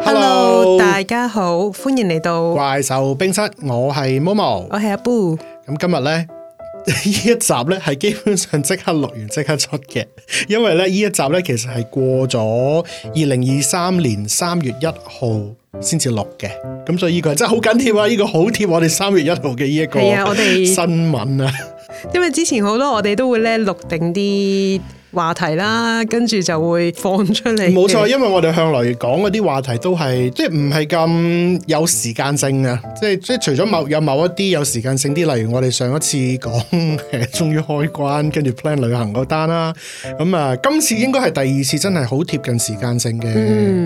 Hello，大家好，歡迎嚟到怪獸冰室，我係 Momo，我係阿 Bo。咁今日呢，呢一集呢係基本上即刻錄完即刻出嘅，因為咧呢一集呢其實係過咗二零二三年三月一號先至錄嘅，咁所以呢個真係好緊貼啊！呢、呢個好貼我哋三月一號嘅呢一個係啊，我哋新聞啊，因為之前好多我哋都會咧錄定啲。話題啦，跟住，就會放出嚟。冇錯，因為我哋向來講嗰啲話題都係即係唔係咁有時間性嘅，即係即係除咗某有某一啲有時間性啲，例如我哋上一次講誒終於開關，跟住 plan 旅行嗰單啦，咁啊，今次應該係第二次真係好貼近時間性嘅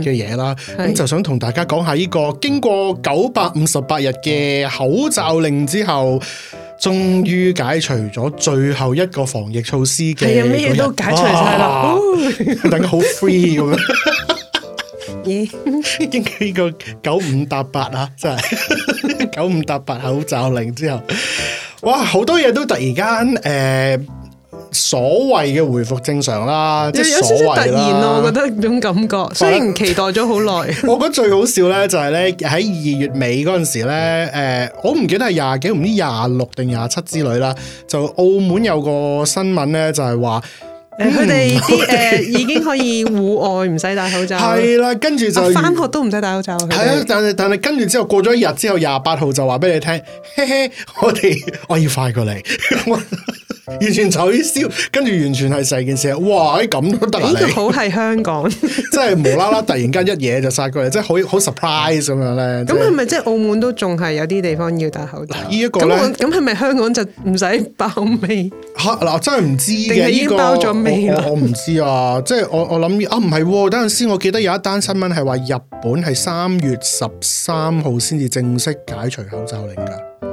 嘅嘢啦。咁是就想同大家講下呢個經過九百五十八日嘅口罩令之後。終於解除咗最後一個防疫措施嘅，咩嘢都解除晒啦，大家好 free 咁樣，經過呢個九五搭八啊，真係 九五搭八口罩令之後，哇，好多嘢都突然間誒～、呃所謂嘅回復正常啦，即係有少少突然咯，啊、我覺得種感覺，雖然期待咗好耐。 我覺得最好笑咧，就係咧喺二月尾嗰陣時咧，誒、呃，我唔記得係廿幾，唔知廿六定廿七之類啦，就澳門有個新聞咧，就係話佢哋啲誒已經可以戶外唔使戴口罩，係啦， 跟住就翻學都唔使戴口罩，係啊， 但係但係跟住之後過咗一日之後，廿八號就話俾你聽嘿嘿，我哋我要快過嚟。 完全取消，跟住完全係成件事。哇！咁都得嚟，呢個好係香港，即係無啦啦突然間一嘢就殺過嚟，即係好好 surprise 咁樣咧。咁係咪即係澳門都仲係有啲地方要戴口罩？呢一個咁係咪香港就唔使包尾？嗱，真係唔知嘅包咗尾？我唔知，這個、我我唔知啊。即係我我諗啊，唔係，啊。等陣先，我記得有一單新聞係話日本係三月十三號先至正式解除口罩令噶。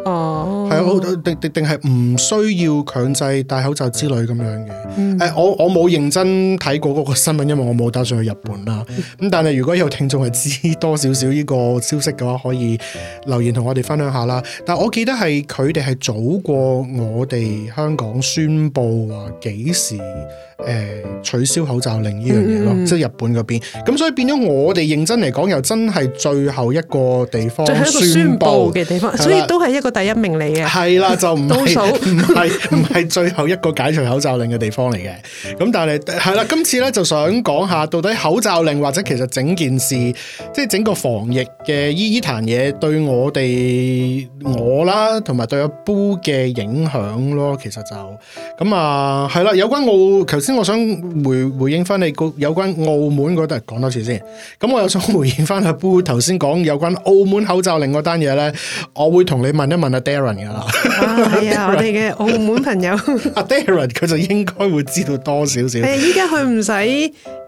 哦。Oh. 係啊，定定定係唔需要強制戴口罩之類咁樣嘅。誒、嗯欸，我我冇認真睇過嗰個新聞，因為我冇打算去日本啦。咁、嗯、但係如果有聽眾係知多少少呢個消息嘅話，可以留言同我哋分享下啦。但係我記得係佢哋係早過我哋香港宣布話幾時誒、欸、取消口罩令呢樣嘢咯，嗯嗯、即係日本嗰邊。咁所以變咗我哋認真嚟講，又真係最後一個地方，最後一個宣布嘅地方，吧所以都係一個第一名嚟。係啦，就唔係唔係唔係最後一個解除口罩令嘅地方嚟嘅。咁但係，係啦，今次咧就想講下到底口罩令或者其實整件事，即係整個防疫嘅依依談嘢，對我哋我啦，同埋對阿 Boo 嘅影響咯。其實就咁啊，係啦，有關澳頭先，我想回回應翻你個有關澳門嗰度講多次先。咁我又想回應翻阿 Boo 頭先講有關澳門口罩令嗰單嘢咧，我會同你問一問阿 Darren 嘅。係 啊，啊 我哋嘅澳門朋友， 阿 Darren 佢就應該會知道多少少。 你依家佢唔使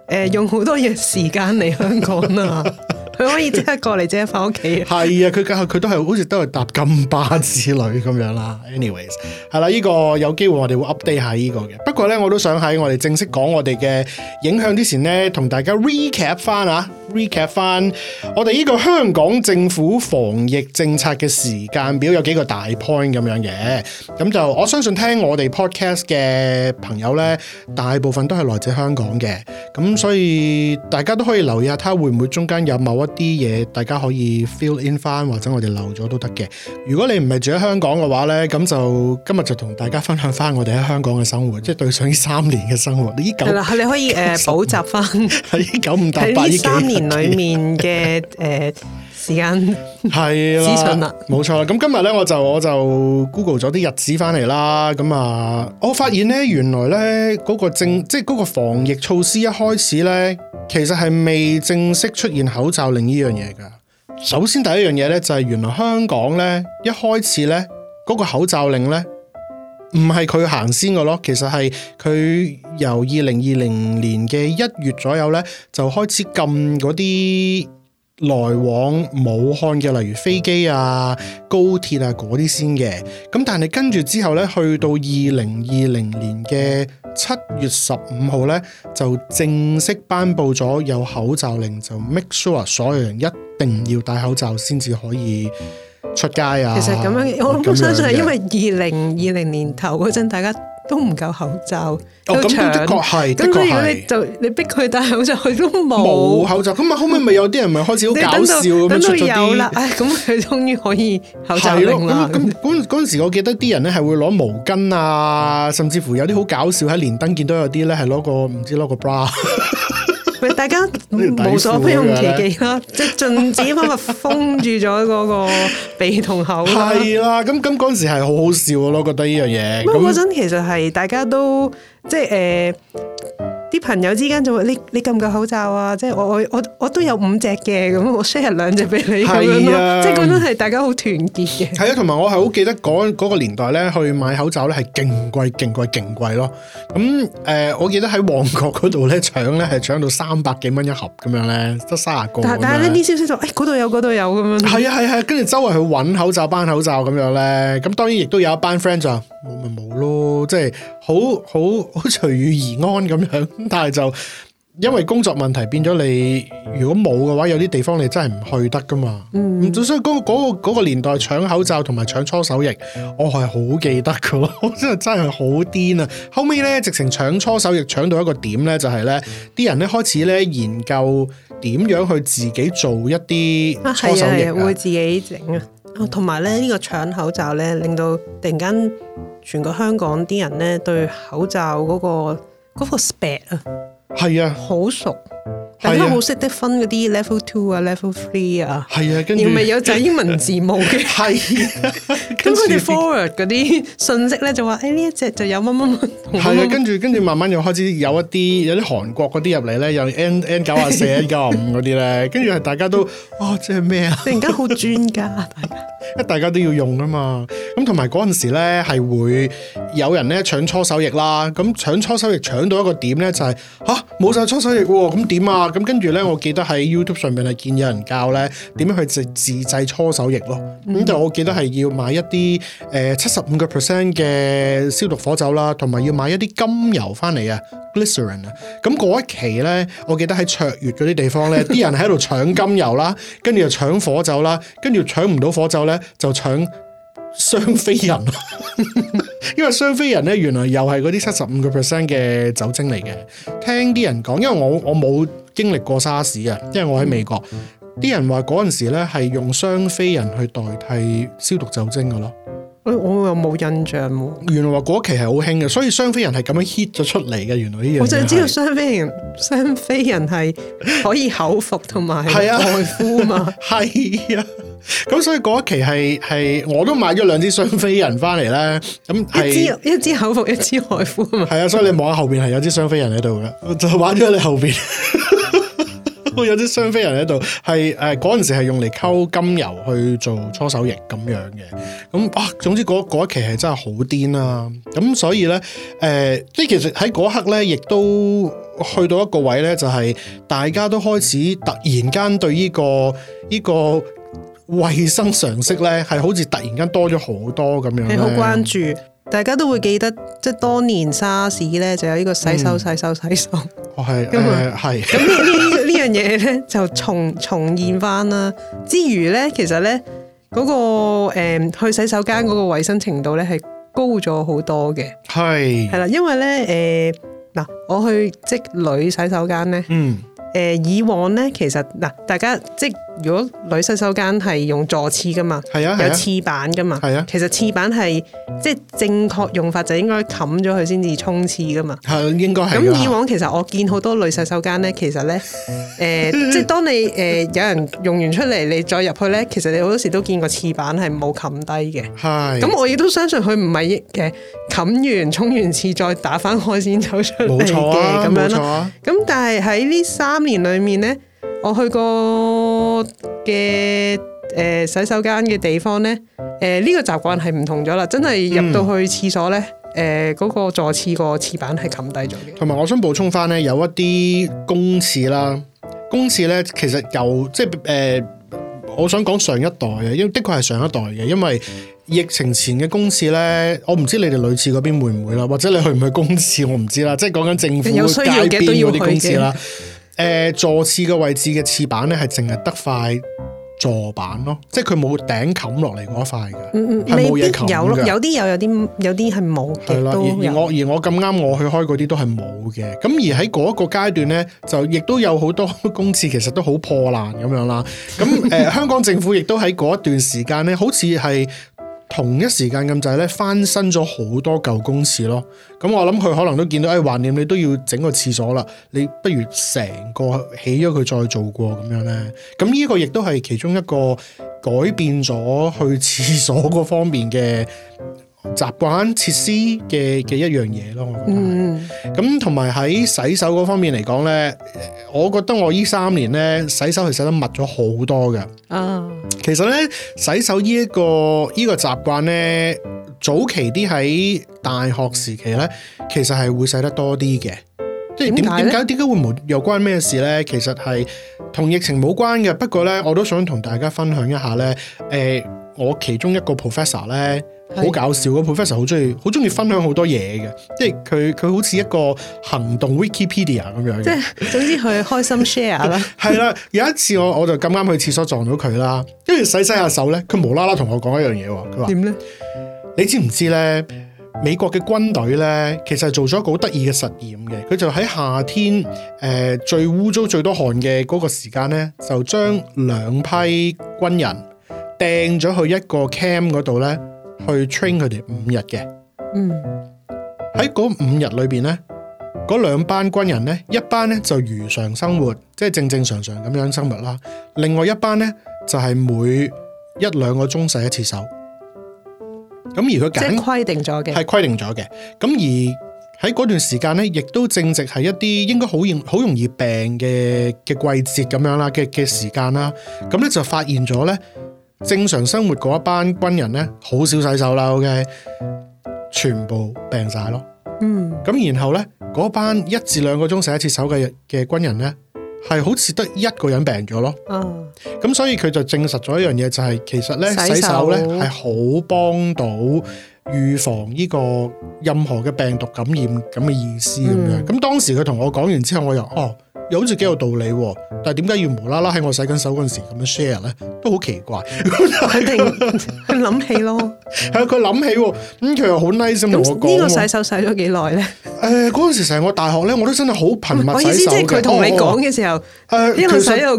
誒用好多嘢時間嚟香港啊。 佢可以即刻過嚟，即刻翻屋企。係啊，佢佢佢都係好似都係搭金巴之類咁樣啦。Anyways，係啦，呢個有機會我哋會 update 下呢個嘅。不過呢，我都想喺我哋正式講我哋嘅影響之前呢，同大家 recap 翻啊，recap 翻我哋呢個香港政府防疫政策嘅時間表有幾個大 point 咁樣嘅。咁就我相信聽我哋 podcast 嘅朋友呢，大部分都係來自香港嘅，咁所以大家都可以留意下睇下會唔會中間有某一啲嘢大家可以 fill in 翻，或者我哋留咗都得嘅。如果你唔係住喺香港嘅話呢，咁就今日就同大家分享翻我哋喺香港嘅生活，即係對上呢三年嘅生活。你依九係啦，你可以誒 re expand、呃、補習翻喺九五八呢三年裏面嘅誒。呃 時間係啦，冇錯啦。咁今日咧，我就我就 Google 咗啲日子翻嚟啦。咁啊，我發現咧，原來咧嗰個政，即係個防疫措施，一開始咧，其實係未正式出現口罩令呢樣嘢噶。首先第一樣嘢咧，就係原來香港咧，一開始咧嗰個口罩令咧，唔係佢行先嘅咯。其實係佢由二零二零年嘅一月左右咧，就開始禁嗰啲。來往武漢嘅，例如飛機啊、高鐵啊嗰啲先嘅。咁但係跟住之後呢，去到二零二零年嘅七月十五號呢，就正式頒布咗有口罩令，就 make sure 所有人一定要戴口罩先至可以出街啊。其實咁樣，我諗相信係因為二零二零年頭嗰陣大家。都唔夠口罩，咁都搶。咁所以你就你逼佢戴口罩，佢都冇。冇口罩，咁啊，後尾咪有啲人咪開始好搞笑咁樣出咗啲。咁佢、哎、終於可以口罩啦。咁咁嗰陣時，我記得啲人咧係會攞毛巾啊， 甚至乎有啲好搞笑喺連登見到有啲咧係攞個唔知攞個 bra。 大家無所不用其技其極啦， 即係盡自己辦法封住咗嗰個鼻同口。係啦， 咁咁嗰陣時係好好笑咯，覺得呢樣嘢。咁嗰陣其實係大家都即係誒。呃啲朋友之間就會：你你夠唔夠口罩啊？即係我我我我都有五隻嘅，咁我 share 兩隻俾你咁、啊、樣即係覺得係大家好團結嘅。係啊，同埋我係好記得嗰個年代咧，去買口罩咧係勁貴勁貴勁貴咯。咁誒、呃，我記得喺旺角嗰度咧搶咧係搶到三百幾蚊一盒咁樣咧，得卅個但。但係咧啲消息就誒嗰度有嗰度有咁樣。係啊係啊，跟住、啊啊、周圍去揾口罩、班口罩咁樣咧。咁當然亦都有一班 friend 就。冇咪冇咯，即係好好好隨遇而安咁樣。但係就因為工作問題變，變咗你如果冇嘅話，有啲地方你真係唔去得噶嘛。嗯，咁所以嗰個年代搶口罩同埋搶搓手液，我係好記得噶咯。我真係真係好癲啊！後尾咧，直情搶搓手液搶到一個點咧、就係，就係咧啲人咧開始咧研究點樣去自己做一啲搓手液、啊啊啊啊，會自己整啊。同埋咧，哦、呢、呢個搶口罩咧，令到突然間全個香港啲人咧對口罩嗰、嗰個嗰、嗰個 spec 啊，係啊，好熟。大家好識得分嗰啲 level two 啊 level three 啊，啊跟住而咪有就英文字母嘅。係、 啊，咁佢哋 forward 嗰啲信息咧就話：誒、哎、呢一隻就有乜乜乜。係啊，跟住跟住慢慢又開始有一啲 有啲韓國嗰啲入嚟咧，有 n n 九啊四、n 九啊五嗰啲咧，跟住係大家都哦，即係咩啊？突然間好專家，啊，大家， 因為大家都要用啊嘛。咁同埋嗰陣時咧係會。有人咧搶搓手液啦，咁搶搓手液搶到一個點咧就係、是、吓，冇晒搓手液喎，咁點啊？咁跟住咧，我記得喺 YouTube 上面係見有人教咧點樣去自自製搓手液咯。咁就我記得係要買一啲誒七十五個 percent 嘅消毒火酒啦，同埋要買一啲甘油翻嚟啊 glycerin 啊。咁嗰一期咧，我記得喺卓越嗰啲地方咧，啲人喺度搶甘油啦，跟住又搶火酒啦，跟住搶唔到火酒咧就搶。雙飛人， 因為雙飛人咧，原來又係嗰啲七十五個 percent 嘅酒精嚟嘅。聽啲人講，因為我我冇經歷過沙士啊，因為我喺美國，啲人話嗰陣時咧係用雙飛人去代替消毒酒精噶咯。我我又冇印象喎。原來話嗰期係好興嘅，所以雙飛人係咁樣 hit 咗出嚟嘅。原來呢樣，我就係知道雙飛人，雙飛 人係可以口服同埋係啊外敷嘛。係 啊，咁、啊、所以嗰一期係係我都買咗兩支雙飛人翻嚟啦。咁一支一支口服，一支外敷啊嘛。係 啊，所以你望下後面係有支雙飛人喺度嘅，就玩咗喺你後面。 都有啲雙飛人喺度，係，誒嗰陣時係用嚟溝金油去做搓手液咁樣嘅，咁、嗯、啊，總之嗰一期係真係好癲啦。咁所以咧，誒即係其實喺嗰刻咧，亦都去到一個位咧，就係、係、大家都開始突然間對呢、呢個依、呢個衞生常識咧，係好似突然間多咗好多咁樣你好關注。大家都會記得，即係當年沙士咧，就有呢個洗手,、嗯、洗手、洗手、洗手。哦，係，咁啊，咁呢呢呢樣嘢咧，就重重現翻啦。之餘咧，其實咧，嗰、那個、呃、去洗手間嗰個衞生程度咧，係高咗好多嘅。係。係啦，因為咧誒嗱，我去積女洗手間咧，嗯，誒、呃、以往咧，其實嗱，大家即如果女洗手間係用座廁噶嘛，係啊，啊有廁板噶嘛，係啊。其實廁板係即係正確用法就應該冚咗佢先至沖廁噶嘛，係應該係。咁以往其實我見好多女洗手間咧，其實咧，誒、呃， 即係當你誒、呃、有人用完出嚟，你再入去咧，其實你好多時都見過廁板係冇冚低嘅。係是。咁我亦都相信佢唔係誒冚完沖完廁再打翻開先走出嚟嘅，咁、啊啊、樣咯。咁、啊、但係喺呢三年裏面咧，我去過過嘅誒、呃、洗手間嘅地方咧，誒、呃、呢、這個習慣係唔同咗啦，真係入到去廁所咧，誒嗰個坐廁個廁板係冚低咗嘅。同埋、呃，我想補充翻咧，有一啲公廁啦，公廁咧其實有即係誒，我想講上一代嘅，因為的確係上一代嘅，因為疫情前嘅公廁咧，我唔知你哋女廁嗰邊會唔會啦，或者你去唔去公廁我唔知啦，即係講緊政府街邊嗰啲公廁啦。誒、呃，坐廁嘅位置嘅廁板咧，係淨係得塊座板咯，即係佢冇頂冚落嚟嗰一塊嘅，係冇嘢冚嘅。有啲有，有啲有，有啲係冇嘅。係啦，而我而我咁啱我去開嗰啲都係冇嘅。咁而喺嗰個階段咧，就亦都有好多公廁其實都好破爛咁樣啦。咁誒、呃，香港政府亦都喺嗰一段時間咧，好似係。同一時間咁就係咧，翻新咗好多舊公廁咯。咁、嗯、我諗佢可能都見到，哎，橫掂你都要整個廁所啦。你不如成個起咗佢再做過咁樣咧。咁呢一個亦都係其中一個改變咗去廁所嗰方面嘅。習慣設施嘅嘅一樣嘢咯，我覺得咁同埋喺洗手嗰方面嚟講咧，嗯、我覺得我依三年咧洗手係洗得密咗好多嘅。啊，其實咧洗手呢、呢、一個依、呢個習慣咧，早期啲喺大學時期咧，其實係會洗得多啲嘅。即係點點解點解會冇有關咩事咧？其實係同疫情冇關嘅。不過咧，我都想同大家分享一下咧，誒、呃，我其中一個 professor 咧。好搞笑咯！Professor 好中意好中意分享好多嘢嘅，即係佢佢好似一個行動 Wikipedia 咁樣，即係總之佢開心 share 啦。係啦，有一次我我就咁啱去廁所撞到佢啦，的無無跟住洗洗下手咧，佢無啦啦同我講一樣嘢，佢話點咧？你知唔知咧？美國嘅軍隊咧，其實做咗一個好得意嘅實驗嘅，佢就喺夏天誒、呃、最污糟最多汗嘅嗰個時間咧，就將兩批軍人掟咗去一個 camp 嗰度咧。去 train 佢哋五日嘅，喺嗰五日裏邊咧，嗰兩班軍人咧，一班咧就如常生活，即係正正常常咁樣生活啦。另外一班咧就係每一兩個鐘洗一次手。咁而佢即係規定咗嘅，係規定咗嘅。咁而喺嗰段時間咧，亦都正值係一啲應該好易好容易病嘅嘅季節咁樣啦，嘅嘅時間啦。咁咧就發現咗咧。正常生活嗰一班軍人咧，好少洗手喇，okay, 全部病晒咯。嗯，咁然後咧，嗰班一至兩個鐘洗一次手嘅嘅軍人咧，係好似得一個人病咗咯。咁、嗯、所以佢就證實咗一樣嘢，就係、是、其實咧洗手咧係好幫到預防呢個任何嘅病毒感染咁嘅意思咁樣。咁、嗯、當時佢同我講完之後，我又……哦。又好似幾有道理，但係點解要無啦啦喺我洗緊手嗰陣時咁樣 share 咧？都好奇怪。定佢諗起咯，係 啊，佢諗起喎。咁佢又好 nice 咁同我講。呢個洗手洗咗幾耐咧？誒、欸，嗰陣時成個大學咧，我都真係好頻密洗手嘅。邊個喺度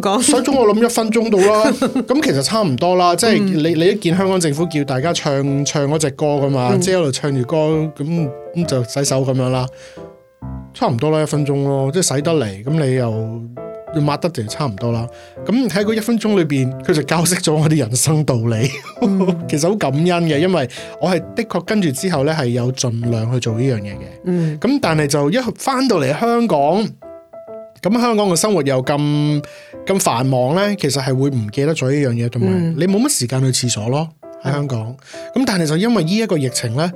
講？所以我諗一分鐘到啦。咁 其實差唔多啦。即係你你一見香港政府叫大家唱唱嗰隻歌㗎嘛，即係、嗯、一路唱住歌，咁咁就洗手咁樣啦。差唔多啦，一分鐘咯，即係使得嚟，咁你又抹得就差唔多啦。咁喺嗰一分鐘裏邊，佢就教識咗我啲人生道理。 其實好感恩嘅，因為我係的確跟住之後咧，係有盡量去做呢樣嘢嘅。咁、嗯、但係就一翻到嚟香港，咁香港嘅生活又咁咁繁忙咧，其實係會唔記得咗呢樣嘢，同埋、嗯、你冇乜時間去廁所咯。喺香港，咁、嗯、但係就因為呢一個疫情咧。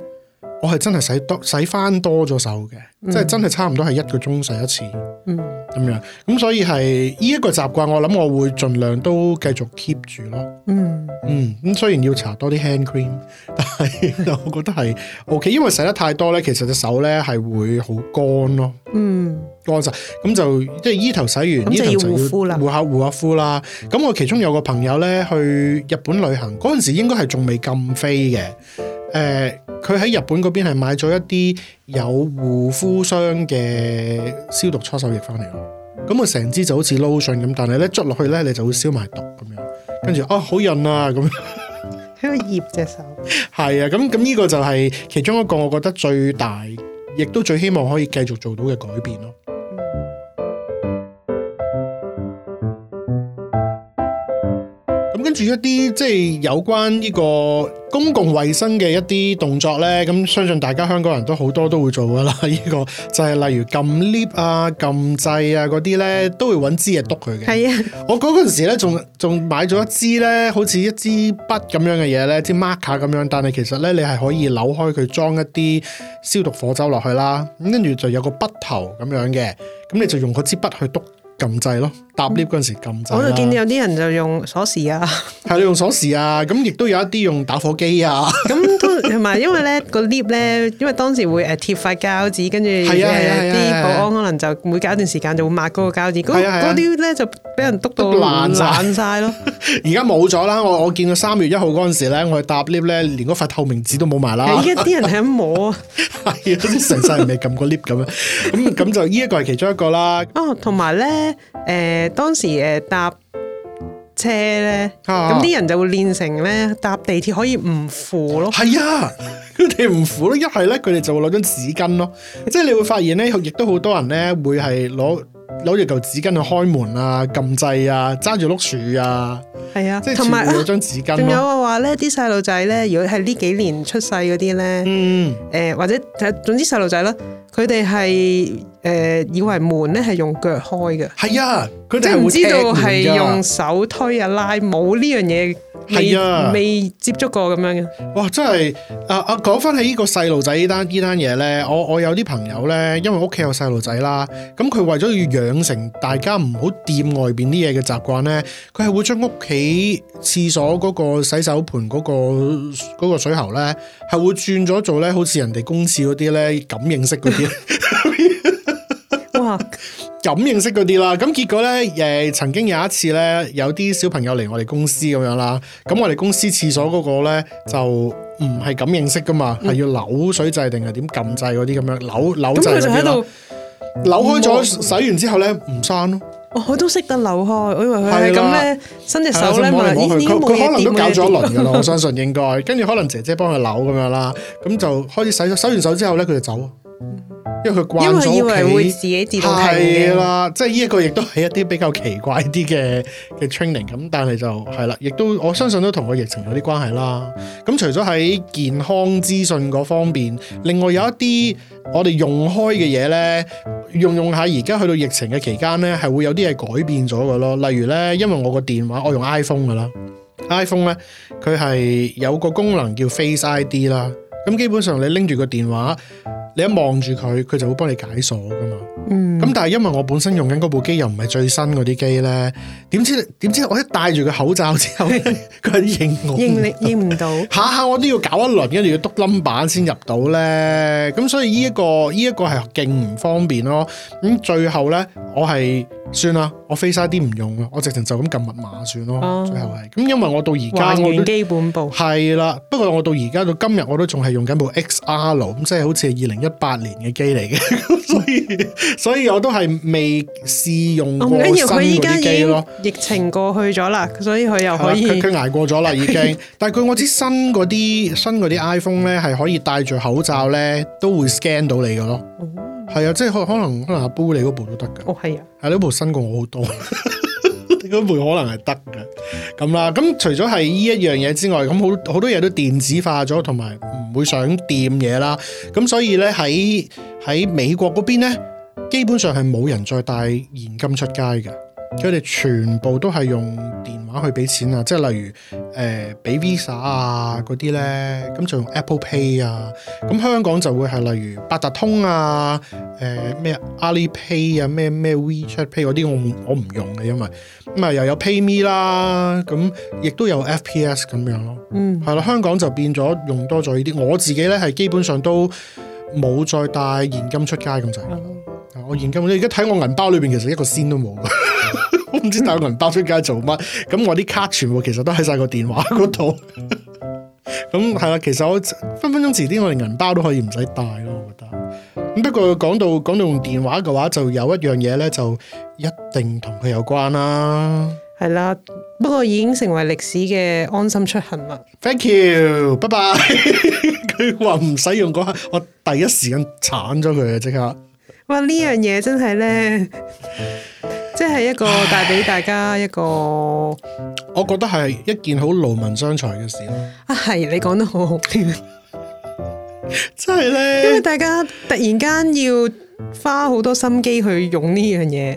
我係真係洗多洗翻多咗手嘅，嗯、即係真係差唔多係一個鐘洗一次，咁、嗯、樣，咁所以係呢一個習慣，我諗我會盡量都繼續 keep 住咯。嗯嗯，咁、嗯、雖然要搽多啲 hand cream，但係我覺得係 OK，因為洗得太多咧，其實隻手咧係會好乾咯。嗯，乾晒，咁就即係依頭洗完，呢咁就要護,就要護下護下膚啦。咁我其中有個朋友咧去日本旅行嗰陣時，應該係仲未禁飛嘅。誒，佢喺、呃、日本嗰邊係買咗一啲有護膚霜嘅消毒搓手液翻嚟咯，咁啊成支就好似 lotion 咁，但係咧捽落去咧你就會消埋毒咁樣，跟住哦、啊，好潤啊咁，香晒隻手，係啊，咁咁呢個就係其中一個我覺得最大，亦都最希望可以繼續做到嘅改變咯。住一啲即係有關呢個公共衛生嘅一啲動作咧，咁相信大家香港人都好多都會做噶啦。呢、這個就係、是、例如撳 lift 啊、撳掣啊嗰啲咧，都會揾支嘢篤佢嘅。係啊，我嗰陣時咧仲仲買咗一支咧是、啊，好似一支筆咁樣嘅嘢咧，支 marker 咁樣。但係其實咧，你係可以扭開佢裝一啲消毒火酒落去啦。咁跟住就有個筆頭咁樣嘅，咁你就用嗰支筆去篤撳掣咯。搭 lift 嗰陣時，撳就我就見有啲人就用鎖匙啊，係 用鎖匙啊，咁亦都有一啲用打火機啊，咁都同埋，因為咧個 lift 咧，因為當時會誒貼塊膠紙，跟住係啊，啲保安可能就每隔一段時間就會抹嗰個膠紙，嗰啲咧就俾人篤到爛爛曬咯。而家冇咗啦，我我見到三月一號嗰陣時咧，我去搭 lift 咧，連嗰塊透明紙都冇埋啦。而家啲人係咁摸啊，係啊，成世未撳過 lift 咁樣，咁咁 就呢一個係其中一個啦。哦，同埋咧，誒、呃。當時誒搭車咧，咁啲、啊、人就會練成咧搭地鐵可以唔扶咯，係啊，佢哋唔扶咯，一係咧佢哋就會攞張紙巾咯， 即係你會發現咧，亦都好多人咧會係攞攞住嚿紙巾去開門啊、撳掣啊、揸住碌樹啊。係啊，即係仲有啊，仲有呢啊，話咧啲細路仔咧，如果係呢幾年出世嗰啲咧，嗯，誒，或者誒，總之細路仔咯，佢哋係誒以為門咧係用腳開嘅，係啊，佢哋唔知道係用手推啊、拉，冇呢樣嘢。係啊，未接觸過咁樣嘅。哇，真係啊！啊，講翻起呢個細路仔呢單呢單嘢咧，我我有啲朋友咧，因為屋企有細路仔啦，咁佢為咗要養成大家唔好掂外邊啲嘢嘅習慣咧，佢係會將屋企廁所嗰個洗手盆嗰個嗰個水喉咧，係會轉咗做咧，好似人哋公廁嗰啲咧感應式嗰啲。哇！咁認識嗰啲啦，咁結果咧，誒曾經有一次咧，有啲小朋友嚟我哋公司咁樣啦，咁我哋公司廁所嗰個咧就唔係咁認識噶嘛，係要扭水掣定係點撳掣嗰啲咁樣扭扭掣入邊啦。扭開咗洗完之後咧，唔閂咯。我都識得扭開，我以為佢係咁咧，伸隻手咧，佢佢可能都搞咗一輪噶啦，我相信應該。跟住可能姐姐幫佢扭咁樣啦，咁就開始洗咗，洗完手之後咧，佢就走。因為佢慣咗，以為會自己自動嘅了。係啦， 即係呢一個亦都係一啲比較奇怪啲嘅嘅 training。咁但係就係啦，亦都我相信都同個疫情有啲關係啦。咁除咗喺健康資訊嗰方面，另外有一啲我哋用開嘅嘢咧，用用下而家去到疫情嘅期間咧，係會有啲係改變咗噶咯。例如咧，因為我個電話我用 iPhone 噶啦，iPhone 咧佢係有個功能叫 Face ID 啦。咁基本上你拎住個電話。你一望住佢，佢就會幫你解鎖噶嘛。咁、嗯、但係因為我本身用緊嗰部機又唔係最新嗰啲機咧，點知點知我一戴住個口罩之後，佢 認我認你。認唔到。下下我都要搞一輪，跟住要篤冧巴先入到咧。咁所以呢、這、一個呢一、這個係勁唔方便咯。咁、嗯、最後咧，我係算啦，我飛晒啲唔用啦，我直情就咁撳密碼算咯。哦、最後係咁，因為我到而家我都基本部。係啦，不過我到而家到今日我都仲係用緊部 X R 囉，咁即係好似二零一。一八年嘅機嚟嘅， 所以所以我都係未試用緊要佢、oh，而家機咯。疫情過去咗啦，嗯、所以佢又可以佢挨過咗啦，已經。 但係佢我知新嗰啲新嗰啲 iPhone 咧係可以戴住口罩咧，都會 scan 到你嘅咯。係啊、嗯，即係可可能可能阿 Boo 你嗰部都得噶。哦，係啊，係呢部新過我好多。 都唔會可能係得嘅，咁啦。咁除咗係呢一樣嘢之外，咁好好多嘢都電子化咗，同埋唔會想掂嘢啦。咁所以咧喺喺美國嗰邊咧，基本上係冇人再帶現金出街嘅。佢哋全部都係用電話去俾錢、呃、啊，即係例如誒俾 Visa 啊嗰啲咧，咁就用 Apple Pay 啊。咁香港就會係例如八達通啊，誒咩 Alipay 啊，咩咩 WeChat Pay 嗰啲，我我唔用嘅，因為咁啊又有 PayMe 啦，咁亦都有 FPS 咁樣咯。嗯，係啦，香港就變咗用多咗呢啲。我自己咧係基本上都冇再帶現金出街咁滯。嗯我現金，我而家睇我銀包裏邊其實一個仙都冇， 我唔知帶銀包出街做乜。咁 我啲卡全部其實都喺晒個電話嗰度。咁係啦，其實我分分鐘遲啲我連銀包都可以唔使帶咯，我覺得。咁不過講到講到用電話嘅話，就有一樣嘢咧，就一定同佢有關啦。係啦，不過已經成為歷史嘅安心出行啦。Thank you，拜拜。佢話唔使用嗰刻，我第一時間鏟咗佢啊，即刻。哇！樣呢樣嘢真係咧，即係一個帶俾大家一個，唉一個我覺得係一件財好勞民傷財嘅事咯。啊， 係你講得好好添，真係咧，因為大家突然間要，花好多心機去用呢樣嘢，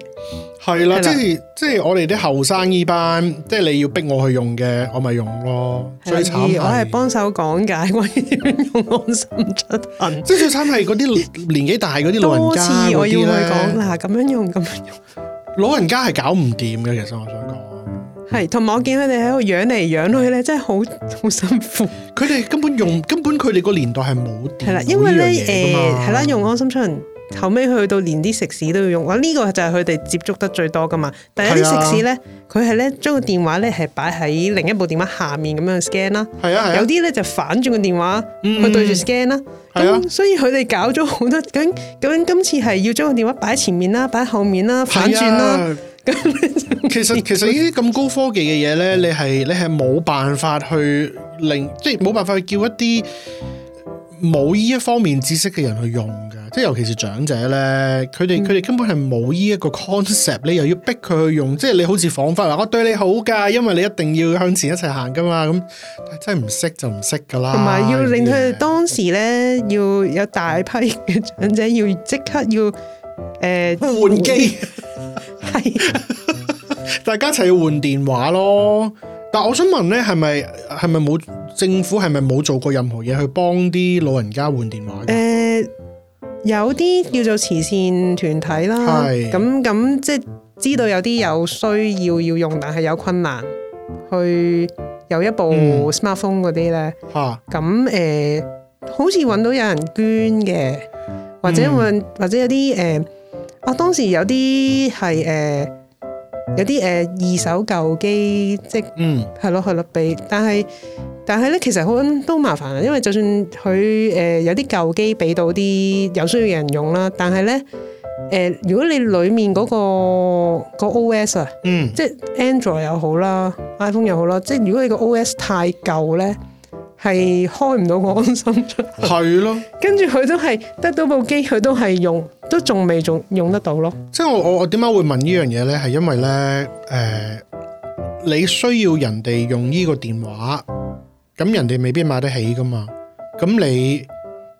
係啦，即係即係我哋啲後生呢班，即係你要逼我去用嘅，我咪用咯。最慘，我係幫手講解，我用安心出行。即係最慘係嗰啲年紀大嗰啲老人家嗰啲咧，嗱咁樣用咁樣用，老人家係搞唔掂嘅。其實我想講，係同埋我見佢哋喺度養嚟養去咧，真係好好辛苦。佢哋根本用根本佢哋個年代係冇，係啦，因為咧誒係啦，用安心出行。後尾去到連啲食肆都要用，啊、這、呢個就係佢哋接觸得最多噶嘛。但係有啲食肆咧，佢係咧將個電話咧係擺喺另一部電話下面咁樣 scan 啦。係啊，啊有啲咧就反轉個電話去對住 scan 啦。係所以佢哋搞咗好多咁，究竟今次係要將個電話擺喺前面啦，擺喺後面啦，反轉啦、啊 其實其實呢啲咁高科技嘅嘢咧，你係你係冇辦法去令，即係冇辦法去叫一啲。冇依一方面知識嘅人去用㗎，即係尤其是長者咧，佢哋佢哋根本係冇依一個 concept，你又要逼佢去用，即係你好似彷彿話我對你好㗎，因為你一定要向前一齊行㗎嘛，咁真係唔識就唔識㗎啦，同埋要令佢哋當時咧要有大批嘅長者要即刻要誒、呃、換機，係大家一齊要換電話咯。但我想問咧，係咪係咪冇政府係咪冇做過任何嘢，去幫啲老人家換電話嘅？誒、呃，有啲叫做慈善團體啦，係咁咁，即係知道有啲有需要要用，但係有困難去有一部 smartphone 嗰啲咧，吓咁誒，好似搵到有人捐嘅，或者問、嗯、或者有啲誒、呃，啊，當時有啲係誒。呃有啲誒、呃、二手舊機，即係係咯，係咯俾，但係但係咧，其實好都麻煩啊，因為就算佢誒、呃、有啲舊機俾到啲有需要嘅人用啦，但係咧誒，如果你裡面嗰、嗰個個 OS 啊、嗯，嗯，即係 Android 又好啦，iPhone 又好啦，即係如果你個 OS 太舊咧，係開唔到個安心出嚟，係咯，跟住佢都係得到部機，佢都係用。都仲未仲用得到咯，即，即係我我點解會問呢樣嘢呢？係因為呢，誒、呃，你需要人哋用呢個電話，咁人哋未必買得起噶嘛。咁你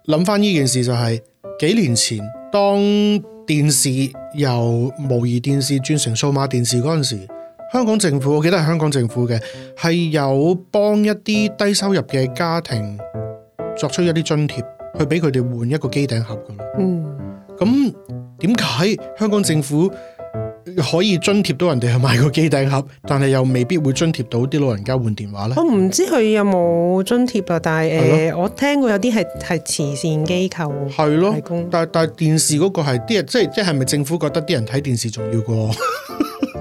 諗翻呢件事就係、是、幾年前，當電視由模擬電視轉成數碼電視嗰陣時，香港政府我記得係香港政府嘅，係有幫一啲低收入嘅家庭作出一啲津貼，去俾佢哋換一個機頂盒噶咯。嗯。咁點解香港政府可以津貼到人哋去買個機頂盒，但係又未必會津貼到啲老人家換電話咧？我唔知佢有冇津貼啊，但係誒的、呃，我聽過有啲係係慈善機構係咯的的，但係但係電視嗰個係啲人，即係即係咪政府覺得啲人睇電視重要過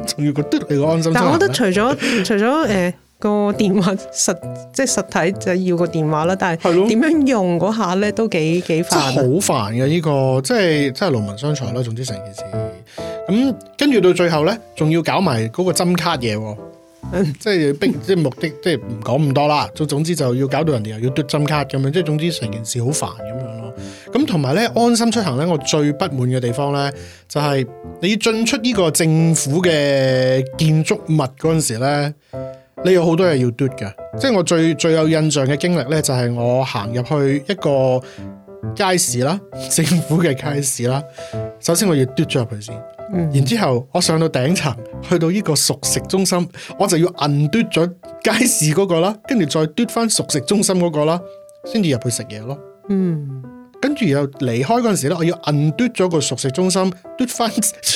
仲要覺得個安心。但係我覺得除咗 除咗誒。呃個電話實即係實體就要個電話啦，但係點的樣用嗰下咧都幾幾煩，好煩嘅呢個，即係即係勞民傷財啦。總之成件事咁跟住到最後咧，仲要搞埋嗰個針卡嘢，嗯，即係逼即係目的，即係唔講咁多啦。總之就要搞到人哋又要嘟針卡咁樣，即係總之成件事好煩咁樣咯。咁同埋咧，安心出行咧，我最不滿嘅地方咧就係、是、你進出呢個政府嘅建築物嗰陣時咧，你有好多嘢要嘟嘅，即係我最最有印象嘅經歷咧，就係我行入去一個街市啦，政府嘅街市啦。首先我要嘟咗入去先，嗯。然之後我上到頂層，去到呢個熟食中心，我就要硬嘟咗街市嗰個啦，跟住再嘟翻熟食中心嗰個啦，先至入去食嘢咯。嗯。跟住又離開嗰陣時咧，我要按嘟咗個熟食中心，嘟翻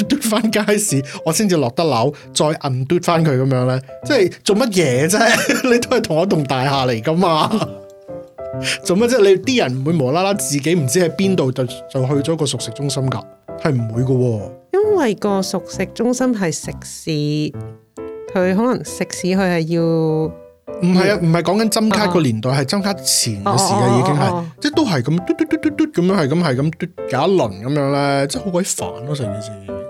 嘟翻街市，我先至落得樓，再按嘟翻佢咁樣咧，即係做乜嘢啫？你都係同一棟大廈嚟㗎嘛？做乜啫？你啲人唔會無啦啦自己唔知喺邊度就就去咗個熟食中心㗎？係唔會嘅喎、哦。因為個熟食中心係食肆，佢可能食肆佢係要。唔係啊，唔係講緊針卡個年代，係針 卡前嘅時間已經係，即都係咁，嘟嘟嘟嘟嘟咁樣，係咁係咁，有一輪咁樣咧，即係好鬼煩咯，真係，成件事。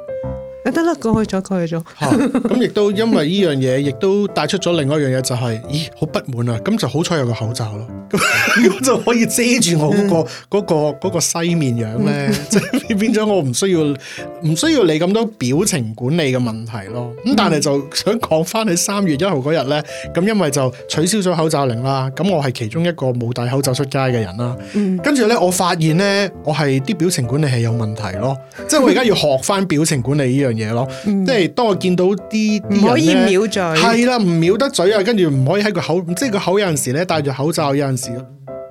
誒，得啦，過去咗，過去咗。咁亦 都因為呢樣嘢，亦都帶出咗另外一樣嘢，就係、是，咦，好不滿啊！咁就好彩有個口罩咯，咁 就可以遮住我嗰、嗰個、個、 個西面樣咧。即係 變咗我唔需要，唔需要你咁多表情管理嘅問題咯。咁但係就想講翻你三月一號嗰日咧，咁因為就取消咗口罩令啦，咁我係其中一個冇戴口罩出街嘅人啦。 跟住咧，我發現咧，我係啲表情管理係有問題咯，即係我而家要學翻表情管理呢樣嘢咯，嗯、即係當我見到啲唔可以撩嘴，係啦，唔撩得嘴啊，跟住唔可以喺個口，即係個口有陣時咧戴住口罩有，有陣時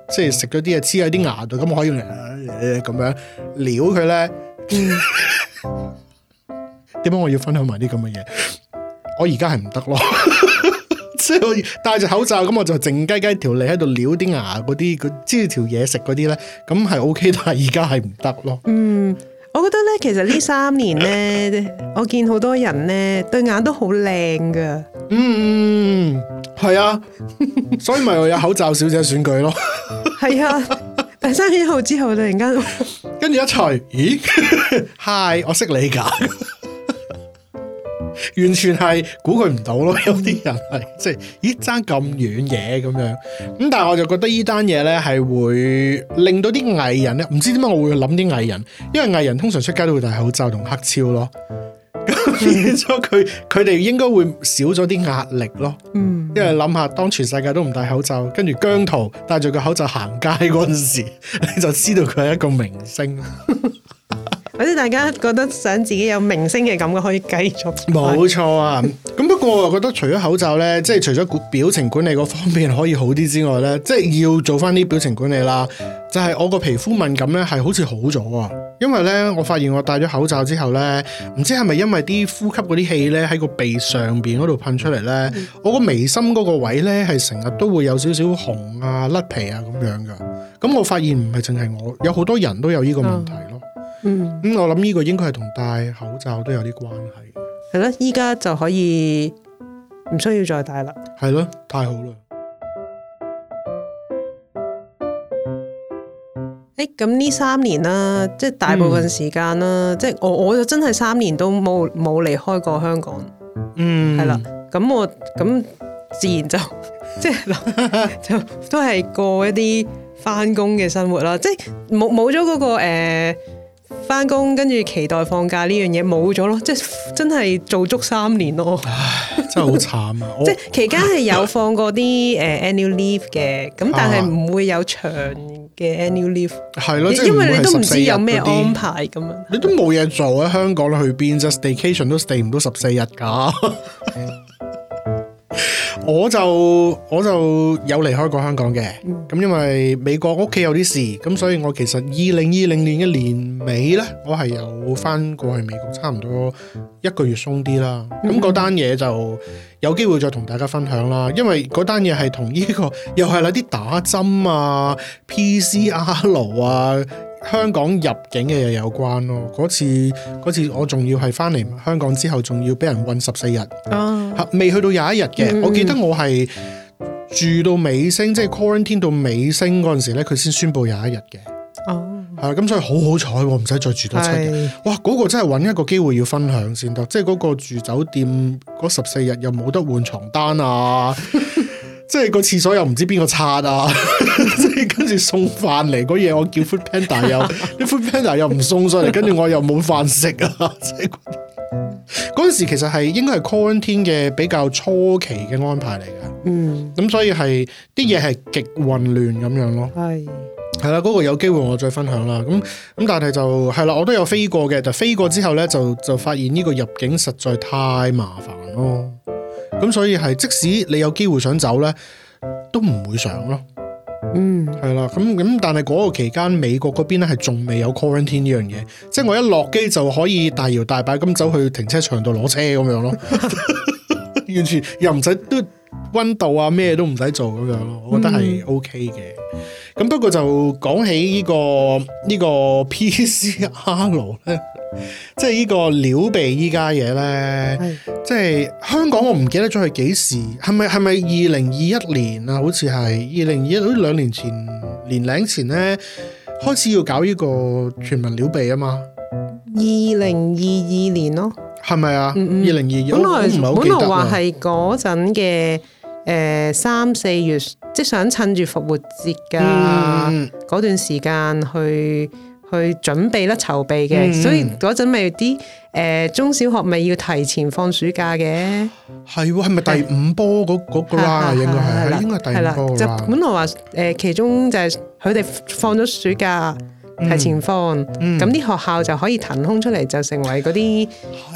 即係食咗啲嘢黐喺啲牙度，咁我可以嚟咁、呃呃、樣撩佢咧。點解、嗯、 我要分享埋啲咁嘅嘢？我而家係唔得咯，嗯、 即係我戴住口罩，咁我就靜雞雞條脷喺度撩啲牙嗰啲，佢黐條嘢食嗰啲咧，咁係 OK，但係而家係唔得咯。嗯。我覺得咧，其實呢三年咧， 我見好多人咧對眼都好靚噶。嗯，係啊，所以咪我有口罩小姐選舉咯。係 啊，三月一號之後突然間，跟住一除，咦 ？Hi，我識你噶。 完全係估佢唔到咯，有啲人係即係，咦，爭咁遠嘢咁樣。咁但係我就覺得呢單嘢呢係會令到啲藝人呢，唔知點解我會諗啲藝人，因為藝人通常出街都會戴口罩同黑超咯，咁變咗佢佢哋應該會少咗啲壓力咯，嗯， 因為諗下當全世界都唔戴口罩，跟住姜濤戴住個口罩行街嗰陣時，你就知道佢係一個明星。 或者大家覺得想自己有明星嘅感覺可以繼續。冇錯啊！咁 不過我又覺得除咗口罩咧，即係除咗表情管理嗰方面可以好啲之外咧，即係要做翻啲表情管理啦。就係我個皮膚敏感咧，係好似好咗啊！因為咧，我發現我戴咗口罩之後咧，唔知係咪因為啲呼吸嗰啲氣咧，喺個鼻上邊嗰度噴出嚟咧，嗯、我個眉心嗰個位咧係成日都會有少少紅啊、甩皮啊咁樣嘅。咁我發現唔係淨係我，有好多人都有呢個問題。嗯嗯，咁我諗呢個應該係同戴口罩都有啲關係。係咯，依家就可以唔需要再戴啦。係咯，太好啦！誒、欸，咁呢三年啦、啊，即係大部分時間啦、啊，嗯、即係我我就真係三年都冇冇離開過香港。嗯，係啦，咁我咁自然就、嗯、即係 就都係過一啲返工嘅生活啦、啊，即係冇冇咗嗰個誒。呃翻工跟住期待放假呢樣嘢冇咗咯，即係真係做足三年咯，真係好慘啊！ 即係期間係有放過啲誒 annual leave 嘅，咁我、呃、但係唔會有長嘅 annual leave，係咯，因為你都唔知有咩安排咁啊！你都冇嘢做喺香港去邊啫？staycation 都 stay 唔到十四日噶。 我就我就有離開過香港嘅，咁因為美國屋企有啲事，咁所以我其實二零二零年嘅年尾呢，我係有翻過去美國差唔多一個月鬆啲啦，咁嗰單嘢就有機會再同大家分享啦，因為嗰單嘢係同呢個又係嗰啲打針啊、PCR 爐啊。香港入境嘅嘢有關咯，嗰次次我仲要係翻嚟香港之後，仲要俾人韞十四日，未、哦、去到廿一日嘅。嗯嗯我記得我係住到尾聲，即、就、係、是、quarantine 到尾聲嗰陣時咧，佢先宣布廿一日嘅。係啦、哦，咁所以好好彩，我唔使再住多七日。是哇，嗰、那個真係揾一個機會要分享先得，即係嗰個住酒店嗰十四日又冇得換床單啊，即係 個廁所又唔知邊個刷啊。 跟住送飯嚟，個嘢我叫 Food Panda 又，啲 Food Panda 又唔送上嚟，跟住我又冇飯食啊！嗰 陣 時其實係應該係 quarantine 嘅比較初期嘅安排嚟嘅，嗯，咁、嗯、所以係啲嘢係極混亂咁樣咯，係係啦。嗰、嗯那個有機會我再分享啦。咁咁但係就係啦，我都有飛過嘅，就飛過之後咧，就就發現呢個入境實在太麻煩咯。咁所以係即使你有機會想走咧，都唔會想咯。嗯，係啦，咁咁，但係嗰個期間，美國嗰邊咧係仲未有 quarantine 呢樣嘢，即係我一落機就可以大搖大擺咁走去停車場度攞車咁樣咯， 完全又唔使嘟。溫度啊，咩都唔使做咁樣咯，我覺得係 OK 嘅。咁、嗯、不過就講起、呢個呢個、R, 就個呢個呢個 PCR 爐咧，即係呢個撩鼻依家嘢咧，即係、即係、香港我唔記得咗係幾時，係咪係咪二零二一年啊？好似係二零二一，好似兩年前年零前咧開始要搞呢個全民撩鼻啊嘛，二零二二年咯。係咪啊？二零二二？本來本來話係嗰陣嘅，誒三四月，即係想趁住復活節噶嗰段時間去去準備啦、籌備嘅，所以嗰陣咪啲誒中小學咪要提前放暑假嘅。係喎，係咪第五波嗰嗰個啦？應該係，應該係第五波啦。就本來話誒，其中就係佢哋放咗暑假。提前放，咁啲、嗯、學校就可以騰空出嚟，就成為嗰啲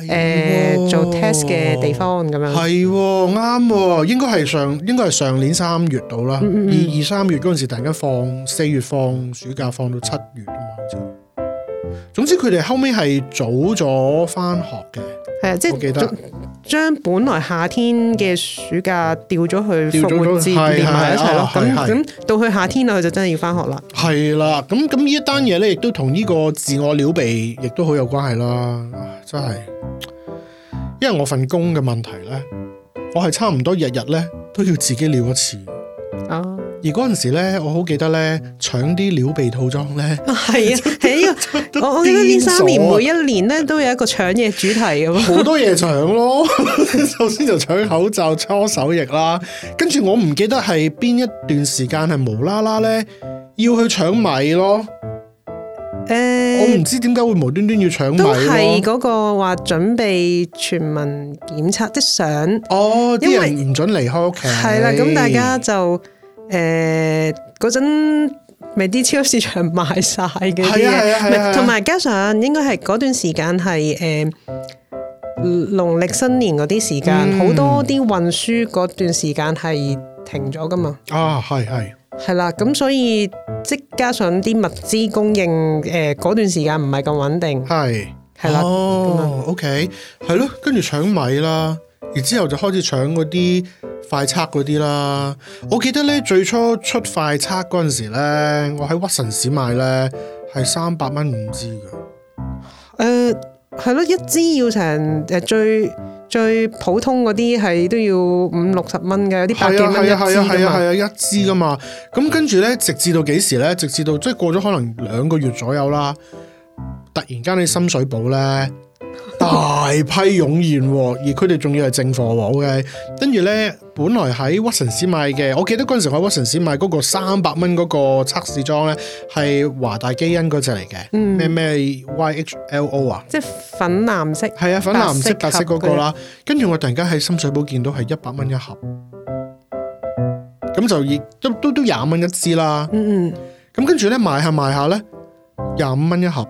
誒做 test 嘅地方咁樣，哦。係喎，啱喎，應該係上，應該係上年三月度啦，二二三月嗰陣時突然間放，四月放暑假，放到七月啊嘛，好似。總之佢哋後尾係早咗翻學嘅，係啊的，即係將將本來夏天嘅暑假調咗去復活節連埋一齊咯。咁咁到去夏天啦，佢就真係要翻學啦。係啦，咁咁呢一單嘢咧，亦都同呢個自我撩鼻亦都好有關係啦，真係。因為我份工嘅問題咧，我係差唔多日日咧都要自己撩一次。而嗰陣時咧，我好記得咧，搶啲料備套裝咧，係啊，係我、啊、 了我記得呢三年 每一年咧，都有一個搶嘢主題咁，好多嘢搶咯。 首先就搶口罩、搓手液啦，跟住我唔記得係邊一段時間係無啦啦咧，要去搶米咯。誒、欸，我唔知點解會無端端要搶米咯？係嗰個話準備全民檢測即相哦，啲為人唔准離開屋企，係啦為，咁、啊、大家就。誒，嗰陣咪啲超級市場賣晒嘅，係啊係啊，同埋、啊啊、加上應該係嗰段時間係誒，農、呃、曆新年嗰啲時間，好、嗯、多啲運輸嗰段時間係停咗噶嘛。啊，係係係啦，咁、啊啊、所以即加上啲物資供應，誒、呃、嗰段時間唔係咁穩定，係係啦。啊、哦樣，OK，係咯、啊，跟住搶米啦。而之後就開始搶嗰啲快測嗰啲啦。我記得咧最初出快測嗰陣時咧，我喺屈臣氏買咧係三百蚊五支嘅。誒，係咯、呃，一支要成誒最最普通嗰啲係都要五六十蚊嘅，有啲百幾蚊一支係啊，係啊，係啊，係啊，一支噶嘛。咁跟住咧直至到幾時咧？直至到，直至到即係過咗可能兩個月左右啦，突然間你深水埗咧。 大批湧現，而佢哋仲要係正貨喎。O K，跟住咧，本來喺屈臣氏買嘅，我記得嗰陣時喺屈臣氏買嗰個三百蚊嗰個測試裝咧，係華大基因嗰隻嚟嘅。咩咩 YHLO 啊？嗯、啊即係粉藍色，係啊，粉藍色白色嗰、嗰個啦。跟住我突然間喺深水埗見到係一百蚊一盒，咁就亦都都都廿蚊一支啦。嗯嗯，咁跟住咧賣下賣下咧，廿五蚊一盒。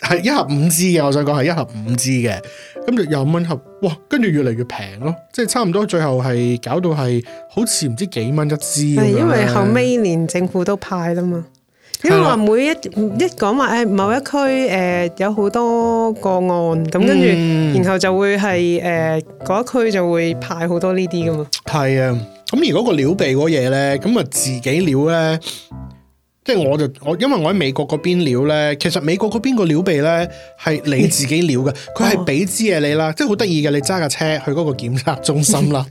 係一盒五支嘅，我想講係一盒五支嘅，咁就廿蚊盒，哇！跟住越嚟越平咯，即係差唔多，最後係搞到係好似唔知幾蚊一支咁，係因為後尾連政府都派啦嘛，因為話每一的一講話誒某一區誒、呃、有好多個案咁，跟住、嗯、然後就會係誒嗰一區就會派好多呢啲噶嘛。係啊，咁如果個撩鼻嗰嘢咧，咁啊自己撩咧。即係我就我，因為我喺美國嗰邊料撩咧，其實美國嗰邊個撩鼻咧係你自己撩嘅，佢係俾支嘢你啦，即係好得意嘅。你揸架車去嗰個檢測中心啦，